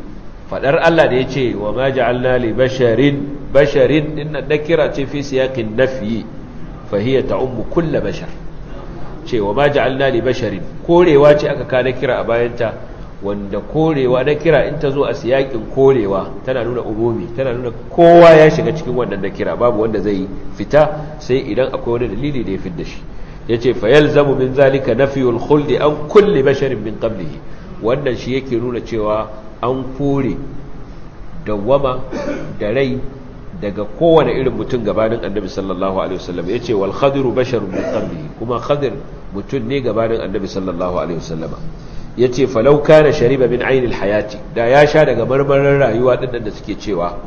fadar Allah da ce wa ma ja'alna li basharin basharin dinnan kira ce fi siyaqin nafyi fa hiya ta'ummu kull bashar ce wa ma ja'alna li basharin korewa ce aka ka nakira a bayanta wanda korewa nakira in ta zo a siyakin korewa tana nuna umumi tana nuna kowa ya shiga cikin wannan nakira babu wanda zai fita sai idan akwai wani dalili da ya fidda shi yace fa yalzamu min zalika nafyul khuldi an kulli basharin min qablihi wannan shi yake nuna cewa an kore dawwama da rai daga kowane irin mutum gabanin annabi sallallahu alaihi wasallam ce wal khadiru basharun min kuma khadir mutum ne gabanin annabi sallallahu alaihi wasallama yace falauka na shariba min ainil hayati da ya sha daga marmarin rayuwa din da suke cewa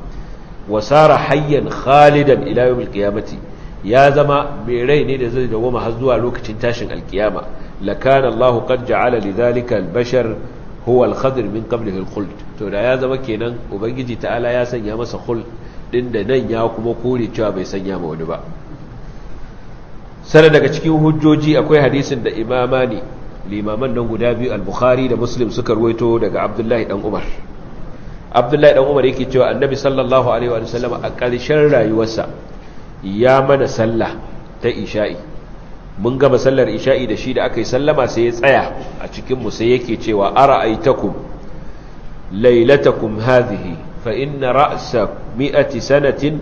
wasara hayyan khalidan ila yawmil ya zama mai rai ne da zai dawoma har zuwa lokacin tashin alkiyama lakana Allahu qad ja'ala lidhalika bashar. huwa al min qablihi al-khuld to da ya zama kenan ubangiji ta'ala ya sanya masa khuld din da nan ya kuma kore cewa bai sanya ma wani ba sana daga cikin hujjoji akwai hadisin da imamani limaman nan guda biyu al-bukhari da muslim suka ruwaito daga abdullahi dan umar abdullahi dan umar yake cewa annabi sallallahu alaihi wa sallam a ƙarshen rayuwarsa ya mana sallah ta isha'i mun gama sallar isha'i da shi da aka yi sallama sai ya tsaya a cikinmu sai yake cewa ara aitakum lailatakum hazihi fa inna ra'sa mi'ati sanatin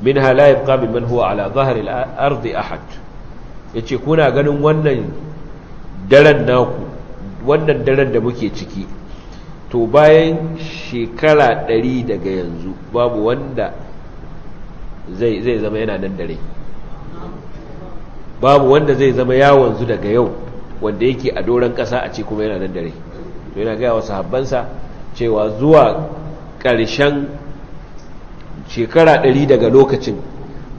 min la yabqa mimman huwa ala dhahri arzi ard ahad yace kuna ganin wannan daren naku wannan daren da muke ciki to bayan shekara ɗari daga yanzu babu wanda zai zai zama yana nan dare babu wanda zai zama ya wanzu daga yau wanda yake a doron ƙasa a ce kuma yana nan dare to yana gaya wa sahabbansa cewa zuwa ƙarshen shekara ɗari daga lokacin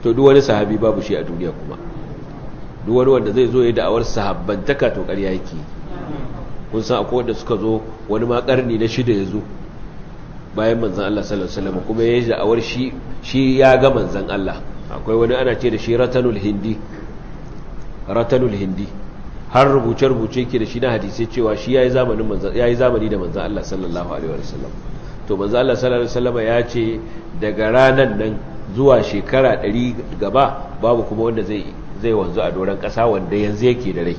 to duk wani sahabi babu shi a duniya kuma duk wani wanda zai zo ya da'awar sahabbantaka to ƙarya yake kun san akwai wanda suka zo wani ma ƙarni na shida ya zo bayan manzan Allah sallallahu alaihi wasallam kuma ya yi da'awar shi ya ga manzan Allah akwai wani ana ce da shi ratanul hindi ratanul hindi har rubuce-rubuce ke da shi na hadisai cewa shi ya yi zamani da manzan Allah sallallahu Alaihi wasallam to manzan Allah sallallahu Alaihi wasallam ya ce daga ranar nan zuwa shekara 100 gaba babu kuma wanda zai wanzu a doron ƙasa wanda yanzu yake da rai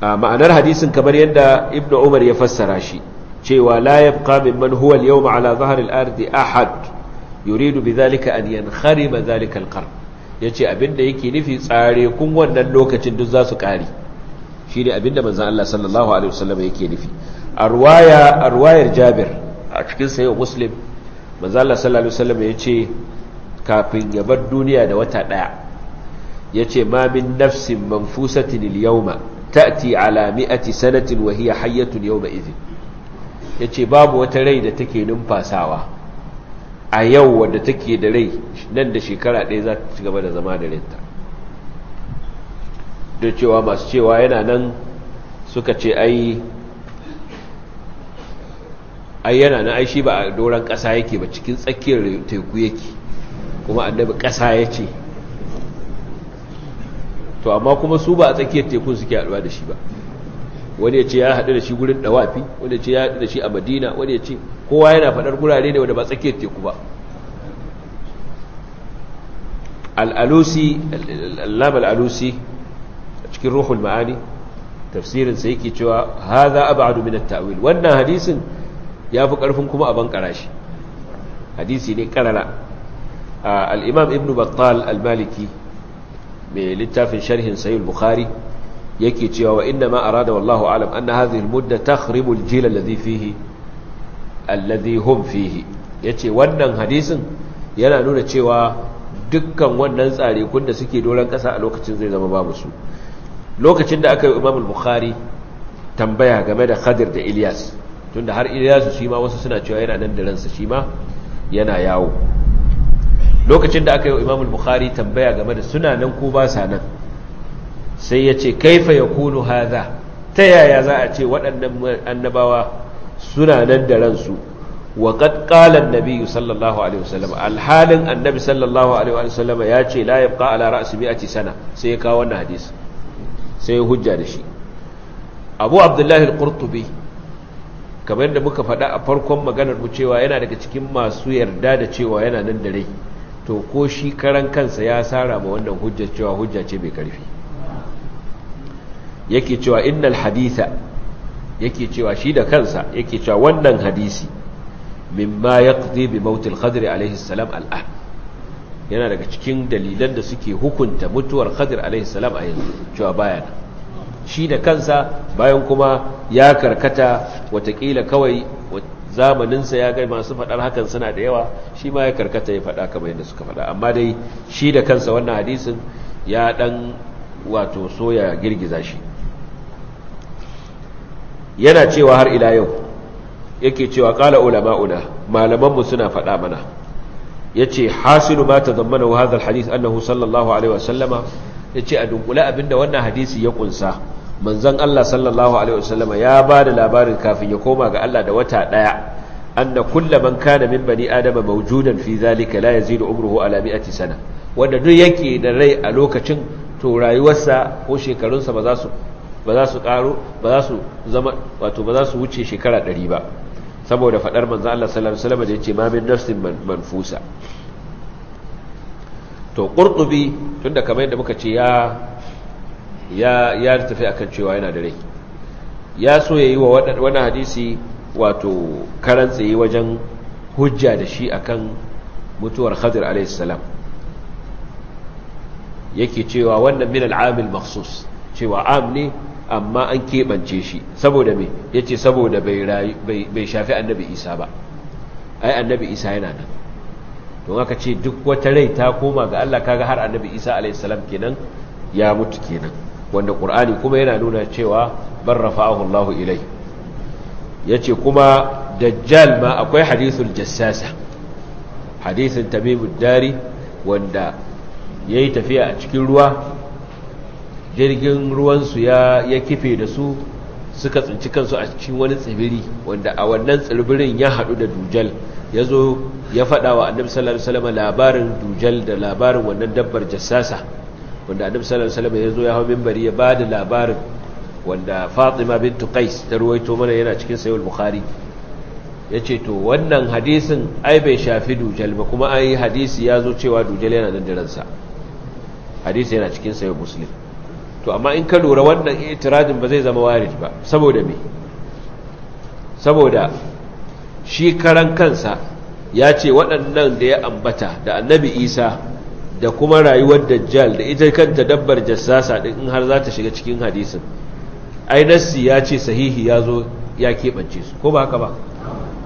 a ma'anar hadisin kamar yadda ibn umar ya fassara shi cewa la yabqa manhuwal huwa al-yawma ala zahril ardi ahad yuridu bi dhalika an yanharima dhalika kar. ya ce abinda yake nufi tsare kun wannan lokacin duk za su ƙari shi ne abinda manzan Allah sallallahu Alaihi wasallam yake nufi a ruwayar jabir a cikin sayo muslim manzan Allah sallallahu Alaihi wasallam ya ce kafin yabar duniya da wata ɗaya ya ce ma min nafsin manfusatin ilyauma ta'ti ala mi'ati sanatin wa hiya hayyatun yawma izin. yace babu wata rai da take numfasawa a yau wadda take da rai nan da shekara ɗaya za ta ci gaba da zama da rinta da cewa masu cewa yana nan suka ce ai ai yana nan ai shi ba a doron ƙasa yake ba cikin tsakiyar teku yake kuma annabi ƙasa ya ce to amma kuma su ba a tsakiyar tekun suke haɗuwa da shi ba wani ya ce ya haɗu da shi gurin ɗawafi wani ya ce ya haɗu da shi a madina wani ya ce kowa yana faɗar gurare ne wanda ba tsakiyar teku ba al'alusi al'allam al'alusi a cikin ruhul ma'ani tafsirin sai yake cewa haza a min at-ta'wil wannan hadisin yafi karfin kuma a bankara shi hadisi ne karara a alimam ibn battal al-maliki mai littafin sharhin sahih al yake cewa wa inna ma arada wallahu alam anna hadhihi al-mudda takhribu al-jil alladhi hum fihi yace wannan hadisin yana nuna cewa dukkan wannan tsare kun da suke doran kasa a lokacin zai zama babu su lokacin da aka yi Imam al-Bukhari tambaya game da Khadir da Ilyas tunda har Ilyas shi ma wasu suna cewa yana nan da ransa shi ma yana yawo lokacin da aka yi Imam al-Bukhari tambaya game da suna nan ko ba sa nan sai yace kaifa yakunu hadha ta yaya za a ce waɗannan annabawa suna nan da ransu wa qad qala an-nabi sallallahu alaihi wasallam alhalin annabi sallallahu alaihi wasallam ya ce la yabqa ala ra'si mi'ati sana sai ya kawo wannan hadisi sai ya hujja da shi abu abdullahi al-qurtubi kamar yadda muka faɗa a farkon maganar mu cewa yana daga cikin masu yarda da cewa yana nan da rai to ko shi karan kansa ya sara ma wannan hujjar cewa hujja ce mai karfi yake cewa innal haditha yake cewa shi da kansa yake cewa wannan hadisi mimma yaqdi bi maut khadir alaihissalam salam yana daga cikin dalilan da suke hukunta mutuwar khadir alaihissalam a yanzu cewa bayan shi da kansa bayan kuma ya karkata watakila kawai zamaninsa ya ga masu faɗar hakan suna da yawa shi ma ya karkata ya faɗa kamar yadda suka faɗa amma dai shi da kansa wannan hadisin ya ɗan wato soya girgiza shi yana cewa har ila yau yake cewa qala ulama'una malaman mu suna faɗa mana yace hasilu ma tazammana hadha alhadith annahu sallallahu alaihi wasallama yace a dunkula abinda wannan hadisi ya kunsa manzon Allah sallallahu alaihi wasallama ya bada labarin kafin ya koma ga Allah da wata daya anna kulla man kana min bani adama mawjudan fi zalika la yazidu umruhu ala mi'ati sana wanda duk yake da rai a lokacin to rayuwarsa ko shekarunsa ba za su ba za su karo ba za su zama wato ba za su wuce shekara 100 ba saboda fadar manzo Allah sallallahu alaihi wasallam da yace ma min nafsin manfusa to qurtubi tunda kamar yadda muka ce ya ya ya tafi akan cewa yana da rai ya so yayi wa wannan hadisi wato karan tsaye wajen hujja da shi akan mutuwar Khadir alaihi salam yake cewa wannan min al-amil makhsus cewa am ne amma an keɓance shi saboda me ya ce saboda bai shafi annabi isa ba ai annabi isa yana nan don aka ce duk wata rai ta koma ga allah kaga har annabi isa alaihissalam kenan ya mutu kenan wanda ƙur'ani kuma yana nuna cewa ban rafa'ahu lahu ilai ya ce kuma dajjal ma akwai hadisun jassasa Hadisun tamimu dari wanda ya yi tafiya a cikin ruwa jirgin ruwansu ya kife da su suka tsinci kansu a cikin wani tsibiri wanda a wannan tsibirin ya haɗu da dujal ya zo ya faɗa wa annabi sallallahu alaihi wasallam labarin dujal da labarin wannan dabbar jassasa wanda annabi sallallahu alaihi wasallam ya zo ya hawo minbari ya ba da labarin wanda Fatima bintu Qais ta ruwaito mana yana cikin sahih al-Bukhari yace to wannan hadisin ai bai shafi dujal ba kuma ai hadisi ya zo cewa dujal yana da ransa hadisi yana cikin sahih Muslim to amma in ka lura wannan itirajin ba zai zama warid ba saboda me saboda shi karan kansa ya ce waɗannan da ya ambata da annabi isa da kuma rayuwar dajjal da ita kanta dabbar jassasa ɗin in har za ta shiga cikin hadisin ai nassi ya ce sahihi ya zo ya keɓance su ko ba haka ba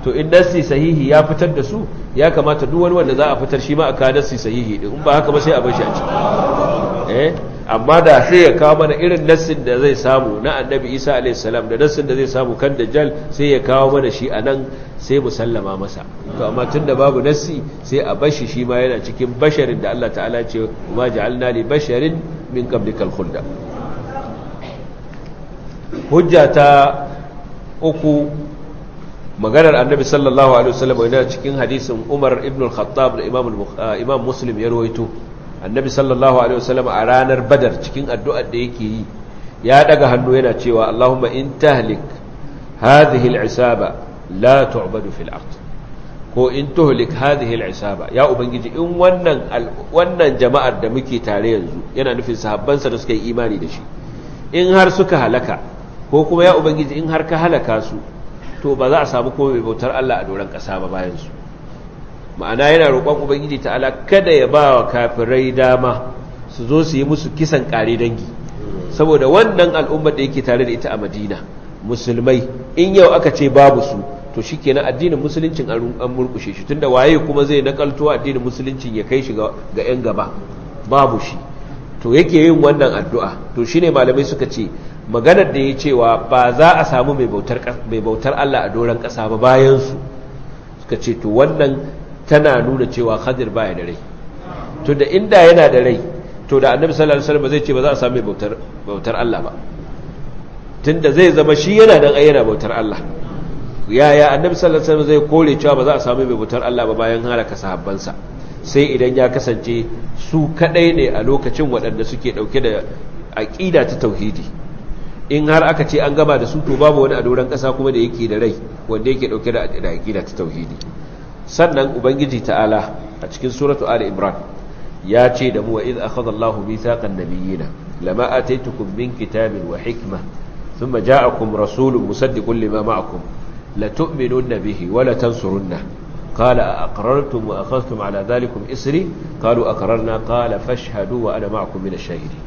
to in nassi sahihi ya fitar da su ya kamata duk wani wanda za a fitar shi ma a ka nassi sahihi ɗin in ba haka ba sai a bar shi a ciki eh amma da sai ya kawo mana irin nassin da zai samu na annabi isa alaihissalam da nassin da zai samu kan dajjal sai ya kawo mana shi a nan sai mu sallama masa to amma tun da babu nassi sai a bashi shi ma yana cikin basharin da allah ta'ala ce ma ja'alna li basharin min qablikal khulda hujja ta uku maganar annabi sallallahu alaihi wasallam yana cikin hadisin umar ibn al-khattab da imam muslim ya rawaito annabi sallallahu alaihi wasallam a ranar badar cikin addu'ar da yake yi ya daga hannu yana cewa Allahumma in tahlik hadhihi al'isaba la tu'badu fil ard ko in tuhlik hadhihi al'isaba ya ubangiji in wannan wannan jama'ar da muke tare yanzu yana nufin sahabban sa da suka yi imani da shi in har suka halaka ko kuma ya ubangiji in har ka halaka su to ba za a samu komai bautar Allah a doran kasa ba bayan su ma'ana yana roƙon ubangiji ta'ala kada ya ba wa kafirai dama su zo su yi musu kisan ƙare dangi saboda wannan al'ummar da yake tare da ita a madina musulmai in yau aka ce babu su to shi kenan addinin musuluncin an murkushe shi tunda waye kuma zai nakalto addinin musuluncin ya kai shi ga 'yan gaba babu shi to yake yin wannan addu'a to shi ne malamai suka ce maganar da ya cewa ba za a samu mai bautar Allah a doron ƙasa ba bayansu suka ce to wannan tana nuna cewa khadir baya da rai to da inda yana da rai to da annabi sallallahu alaihi wasallam zai ce ba za a sami bautar bautar Allah ba tunda zai zama shi yana nan ayyana bautar Allah yaya annabi sallallahu alaihi wasallam zai kore cewa ba za a sami bautar Allah ba bayan halaka sahabbansa sai idan ya kasance su kadai ne a lokacin waɗanda suke dauke da aqida ta tauhidi in har aka ce an gaba da su to babu wani a doron ƙasa kuma da yake da rai wanda yake dauke da aqida ta tauhidi sannan ubangiji ta'ala a cikin suratu ali imran ya ce da mu wa iz akhadha Allahu mithaqan nabiyina lama ataitukum min kitabin wa hikma thumma ja'akum rasulun musaddiqun lima ma'akum la tu'minunna bihi wa la tansurunna qala aqrartum wa akhadhtum ala dhalikum isri qalu aqrarna qala fashhadu wa ana ma'akum min ash-shahidin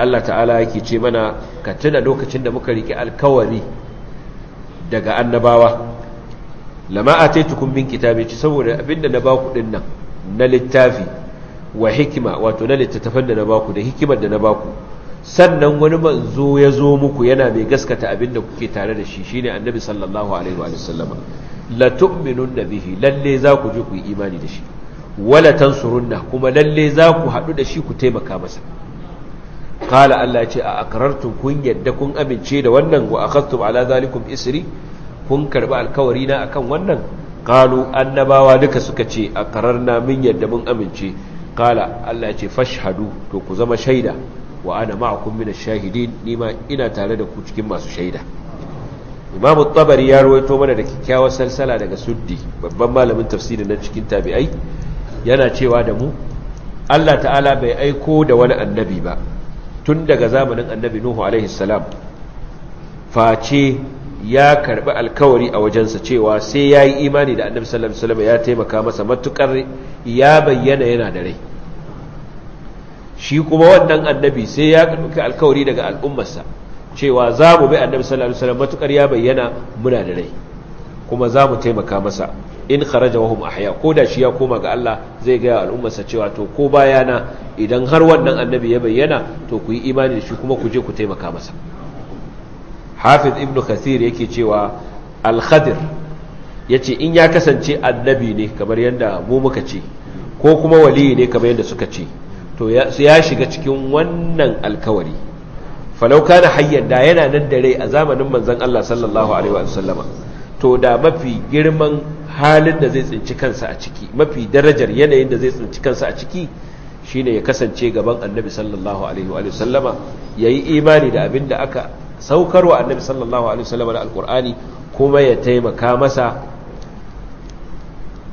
Allah ta'ala yake ce mana ka tuna lokacin da muka riki alkawari daga annabawa lama ataitukum min kitabi ci saboda abinda na baku din nan na littafi wa hikima wato na littattafan da na baku da hikimar da na baku sannan wani manzo ya zo muku yana mai gaskata abinda kuke tare da shi shine annabi sallallahu alaihi wa sallama la tu'minunna bihi lalle za ku je ku yi imani da shi wala tansurunna kuma lalle za ku haɗu da shi ku taimaka masa qala Allah ce a aqrartum kun yadda kun amince da wannan wa ala zalikum isiri. kun karɓi alkawari na akan wannan qalu annabawa duka suka ce a qararna min yadda mun amince qala Allah ya ce fashhadu to ku zama shaida wa ana ma'akum min ash-shahidin nima ina tare da ku cikin masu shaida Imam at-Tabari ya rawaito mana da kyakkyawar salsala daga Suddi babban malamin tafsiri na cikin tabi'ai yana cewa da mu Allah ta'ala bai aiko da wani annabi ba tun daga zamanin annabi Nuhu alaihi salam face ya karbi alkawari a wajensa cewa sai ya yi imani da annabi sallallahu alaihi ya taimaka masa matukar ya bayyana yana da rai shi kuma wannan annabi sai ya karbi alkawari daga al'ummarsa cewa za mu bi annabi sallallahu alaihi matukar ya bayyana muna da rai kuma za mu taimaka masa in kharaja wahum ahya ko da shi ya koma ga Allah zai ga al'ummarsa cewa to ko bayana idan har wannan annabi ya bayyana to ku yi imani da shi kuma ku je ku taimaka masa hafiz ibn kathir yake cewa al-khadir yace in ya kasance annabi ne kamar yadda mu muka ce ko kuma wali ne kamar yadda suka ce to ya shiga cikin wannan alkawari Falauka kana hayyan da yana nan da rai a zamanin manzon Allah sallallahu alaihi wa sallama to da mafi girman halin da zai tsinci kansa a ciki mafi darajar yanayin da zai tsinci kansa a ciki shine ya kasance gaban annabi sallallahu alaihi wa sallama yayi imani da abin da aka saukarwa annabi sallallahu alaihi wasallam da alkur'ani kuma ya taimaka masa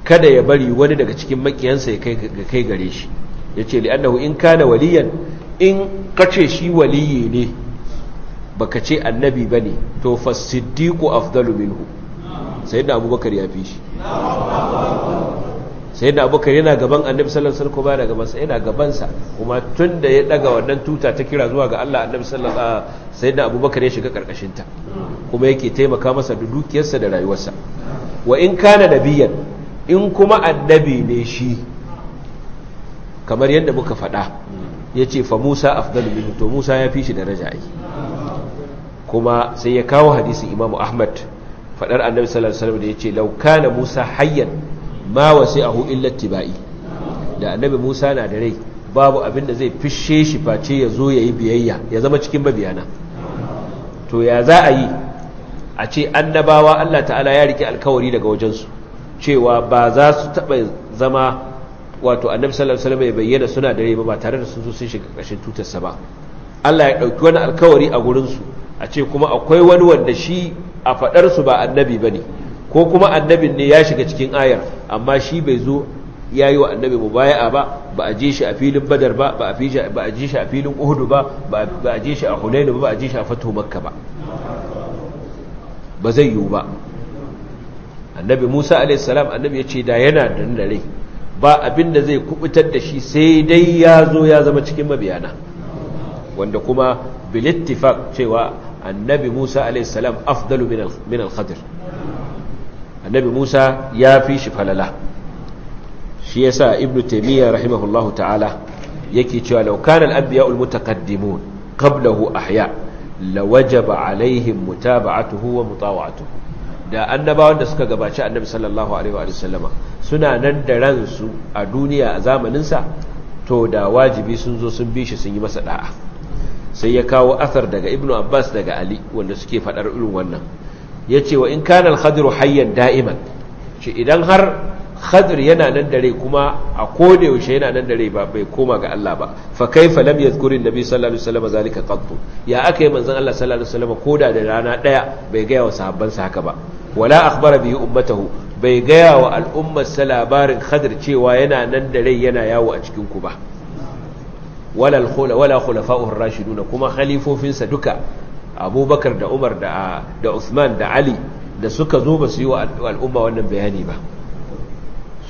kada ya bari wani daga cikin makiyansa ya kai ga kai gare shi yace annahu in kana waliyan in kace shi waliyi ne baka ce annabi bane to siddiqu afdalu minhu sayyidina abubakar ya fi shi sai da abubakar yana gaban annabi sallallahu alaihi wasallam yana gabansa yana gabansa kuma tun da ya daga wannan tuta ta kira zuwa ga Allah annabi sallallahu alaihi wasallam ah, sai da abubakar ya shiga karkashin ta kuma yake taimaka masa da dukiyarsa da rayuwarsa wa in kana nabiyan in kuma annabi ne shi kamar yadda muka faɗa yace fa Musa afdalu min to Musa ya fi shi daraja ai kuma sai ya kawo hadisin Imam Ahmad fadar annabi sallallahu alaihi wasallam da yace law kana Musa hayyan ma ahu illa tibai da annabi Musa na da rai babu abin da zai fishe shi face ya zo yayi biyayya ya zama cikin mabiyana to ya za a yi a ce annabawa Allah ta'ala ya rike alkawari daga wajensu cewa ba za su taɓa zama wato annabi sallallahu alaihi wasallam ya bayyana suna da rai ba tare da sun zo sun shiga tutar tutarsa ba Allah ya ɗauki wani alkawari a gurinsu a ce kuma akwai wani wanda shi a faɗarsu ba annabi ba ne ko kuma annabin ne ya shiga cikin ayar amma shi bai zo ya yi wa annabi mubaya'a ba ba a je shi a filin badar ba ba a je shi a filin uhudu ba ba a je shi a hunainu ba ba a je shi a fatu makka ba ba zai yiwu ba annabi musa a.s. annabi ya ce da yana dandare, ba ba abinda zai kubutar da shi sai dai ya zo ya zama cikin mabiyana wanda kuma bilittifak cewa annabi musa a.s. afdalu min al-khadir annabi Musa ya fi shi falala shi yasa ibnu taymiya rahimahullahu ta'ala yake cewa law kana al kablahu mutaqaddimun qablahu ahya lawajaba alaihim mutaba'atuhu wa mutawa'atuhu da annabawan da suka gabaci annabi sallallahu alaihi suna nan da ransu a duniya a zamanin sa to da wajibi sun zo sun bi shi sun yi masa da'a sai ya kawo athar daga ibnu abbas daga ali wanda suke fadar irin wannan Ya ce wa in kanar al-khadru da'iman shi idan har khadir yana nan dare kuma a koda yaushe yana nan dare ba bai koma ga Allah ba fa kaifa lam yadhkuri nabi sallallahu alaihi wasallam zalika qattu ya aka yi manzon Allah sallallahu alaihi wasallam koda da rana daya bai ga wa sahabban sa haka ba wala akhbara bihi ummatahu bai ga wa al'ummar sa labarin khadir cewa yana nan dare yana yawo a cikin ku ba wala al-khula wala khulafa'ur rashiduna kuma halifofinsa duka abubakar da umar da usman da ali da suka zo ba su yi wa al'umma wannan bayani ba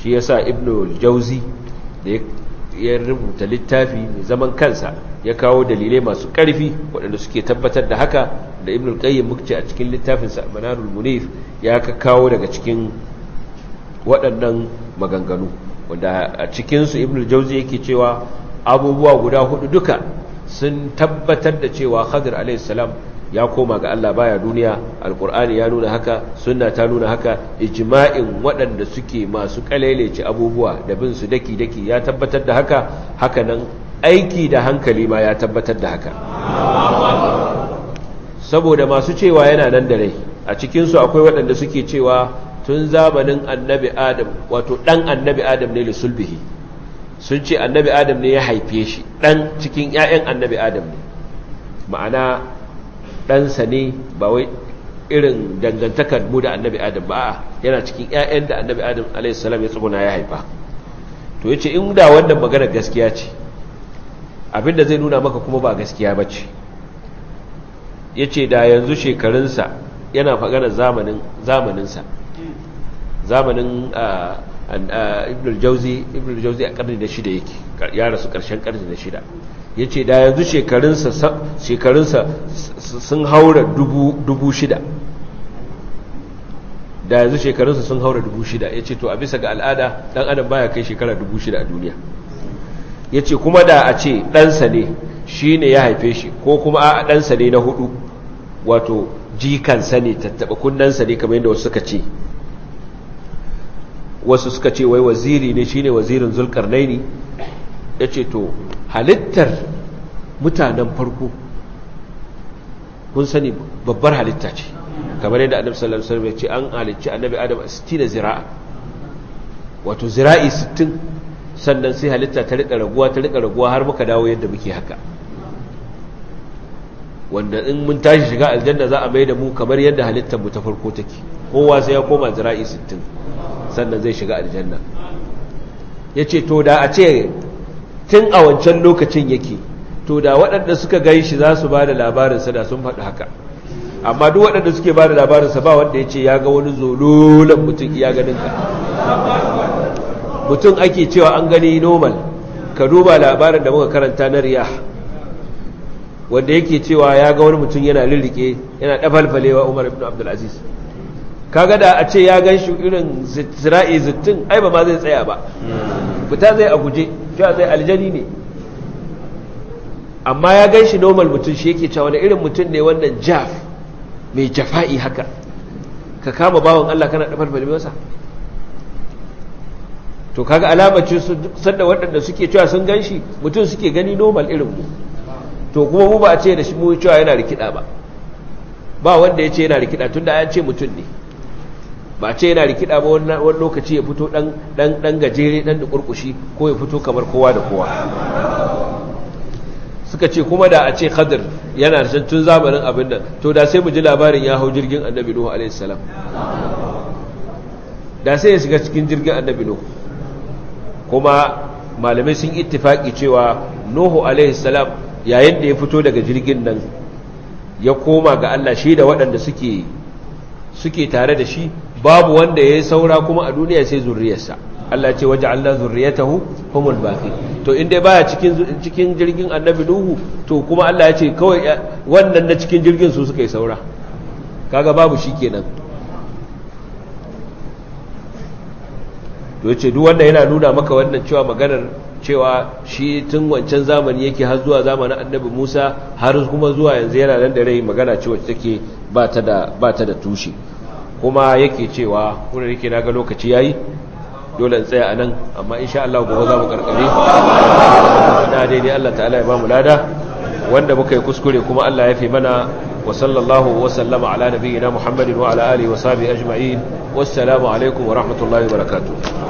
shi ya sa ibn jauzi da ya rubuta littafi mai zaman kansa ya kawo dalilai masu ƙarfi waɗanda suke tabbatar da haka da ibn qayyim mukci a cikin littafinsa manarul munif ya kawo daga cikin waɗannan maganganu wanda a cikinsu ibn jauzi yake cewa abubuwa guda hudu duka sun tabbatar da cewa khadir alaihissalam ya koma ga Allah baya duniya alkur'ani ya nuna haka sunna ta nuna haka ijma'in waɗanda suke masu kalelece abubuwa da bin su daki daki ya tabbatar da haka haka nan aiki da hankali ma ya tabbatar da haka saboda masu cewa yana nan da rai a cikinsu akwai waɗanda suke cewa tun zamanin annabi adam wato ɗan annabi adam ne lisulbihi sun ce annabi adam ne ya haife shi Ɗan cikin 'ya'yan annabi adam ne ma'ana ɗansa ne ba wai irin dangantakar mu da annabi adam ba yana cikin 'ya'yan da annabi adam alaihissalam ya tsuguna ya haifa to yace in da wannan maganar gaskiya ce abinda zai nuna maka kuma ba gaskiya ba ce ya da yanzu shekarunsa yana faganar zamaninsa zamanin ibn jauzi a ƙarni na shida yake ya rasu ƙarshen ƙarni na shida ya ce da yanzu shekarunsa sun haura dubu shida da yanzu shekarunsa sun haura dubu shida ya ce to a bisa ga al'ada ɗan adam baya kai shekara dubu shida a duniya ya ce kuma da a ce ɗansa ne shi ne ya haife shi ko kuma a ɗansa ne na hudu wato jikansa ne tattaba kundansa ne kamar yadda wasu suka ce wasu suka ce wai waziri ne shi ne wazirin ne ya ce to halittar mutanen farko kun sani babbar halitta ce kamar yadda annabi sallallahu alaihi wasallam ya ce an halicci annabi adam 60 zira'a wato zira'i 60 sannan sai halitta ta rika raguwa ta rika raguwa har muka dawo yadda muke haka wanda in mun tashi shiga aljanna za a mai da mu kamar yadda halittar mu ta farko take kowa sai ya koma zira'i 60 sannan zai shiga aljanna yace to da a ce tun a wancan lokacin yake to da waɗanda suka gani shi za su ba da labarinsa da sun faɗi haka amma duk waɗanda suke ba da labarinsa ba wanda ya ce ya ga wani zololan mutum iya ganin ka mutum ake cewa an gani normal ka duba labarin da muka karanta na riya wanda yake cewa ya ga wani mutum yana lirike yana ɗafalfalewa umar ibn abdulaziz kaga da a ce ya gan shi irin zira'i zittin ai ba ma zai tsaya ba fita zai a guje cewa zai aljani ne amma ya gan shi normal mutum shi yake cewa wani irin mutum ne wannan jaf mai jafa'i haka ka kama bawan Allah kana dafar falmi masa to kaga alamacin su sanda waɗanda suke cewa sun gan shi mutum suke gani normal irin mu to kuma mu ba a ce da shi mu cewa yana rikida ba ba wanda ya ce yana rikida tunda an ce mutum ne ba ce yana rikida ba wani lokaci ya fito dan gajere dan dukurkushi ko ya fito kamar kowa da kowa suka ce kuma da a ce khadir yana da tun zamanin abin nan to da sai mu ji labarin ya hau jirgin annabi nuhu alaihi salam da sai ya shiga cikin jirgin annabi nuhu kuma malamai sun ittifaki cewa nuhu alaihi salam yayin da ya fito daga jirgin nan ya koma ga Allah shi da waɗanda suke suke tare da shi babu wanda ya yi saura kuma a duniya sai zurriyarsa Allah ce waje Allah zurriyatahu humul baqi to in dai baya cikin jirgin annabi duhu, to kuma Allah ya ce kawai wannan na cikin jirgin su suka yi saura kaga babu shikenan to yace duk wanda yana nuna maka wannan cewa maganar cewa shi tun wancan zamani yake har zuwa zamanin annabi Musa har kuma zuwa yanzu yana nan da rai magana cewa take ba ta da ba ta da tushe kuma yake cewa kuna yake na ga lokaci yayi dole in tsaya anan amma insha Allah gobe za mu karkare na daidai Allah ta'ala ya ba mu lada wanda muka yi kuskure kuma Allah ya fi mana wa sallallahu wa sallama ala nabiyyina Muhammadin wa ala alihi wa sahbihi ajma'in wassalamu alaikum wa rahmatullahi wa barakatuh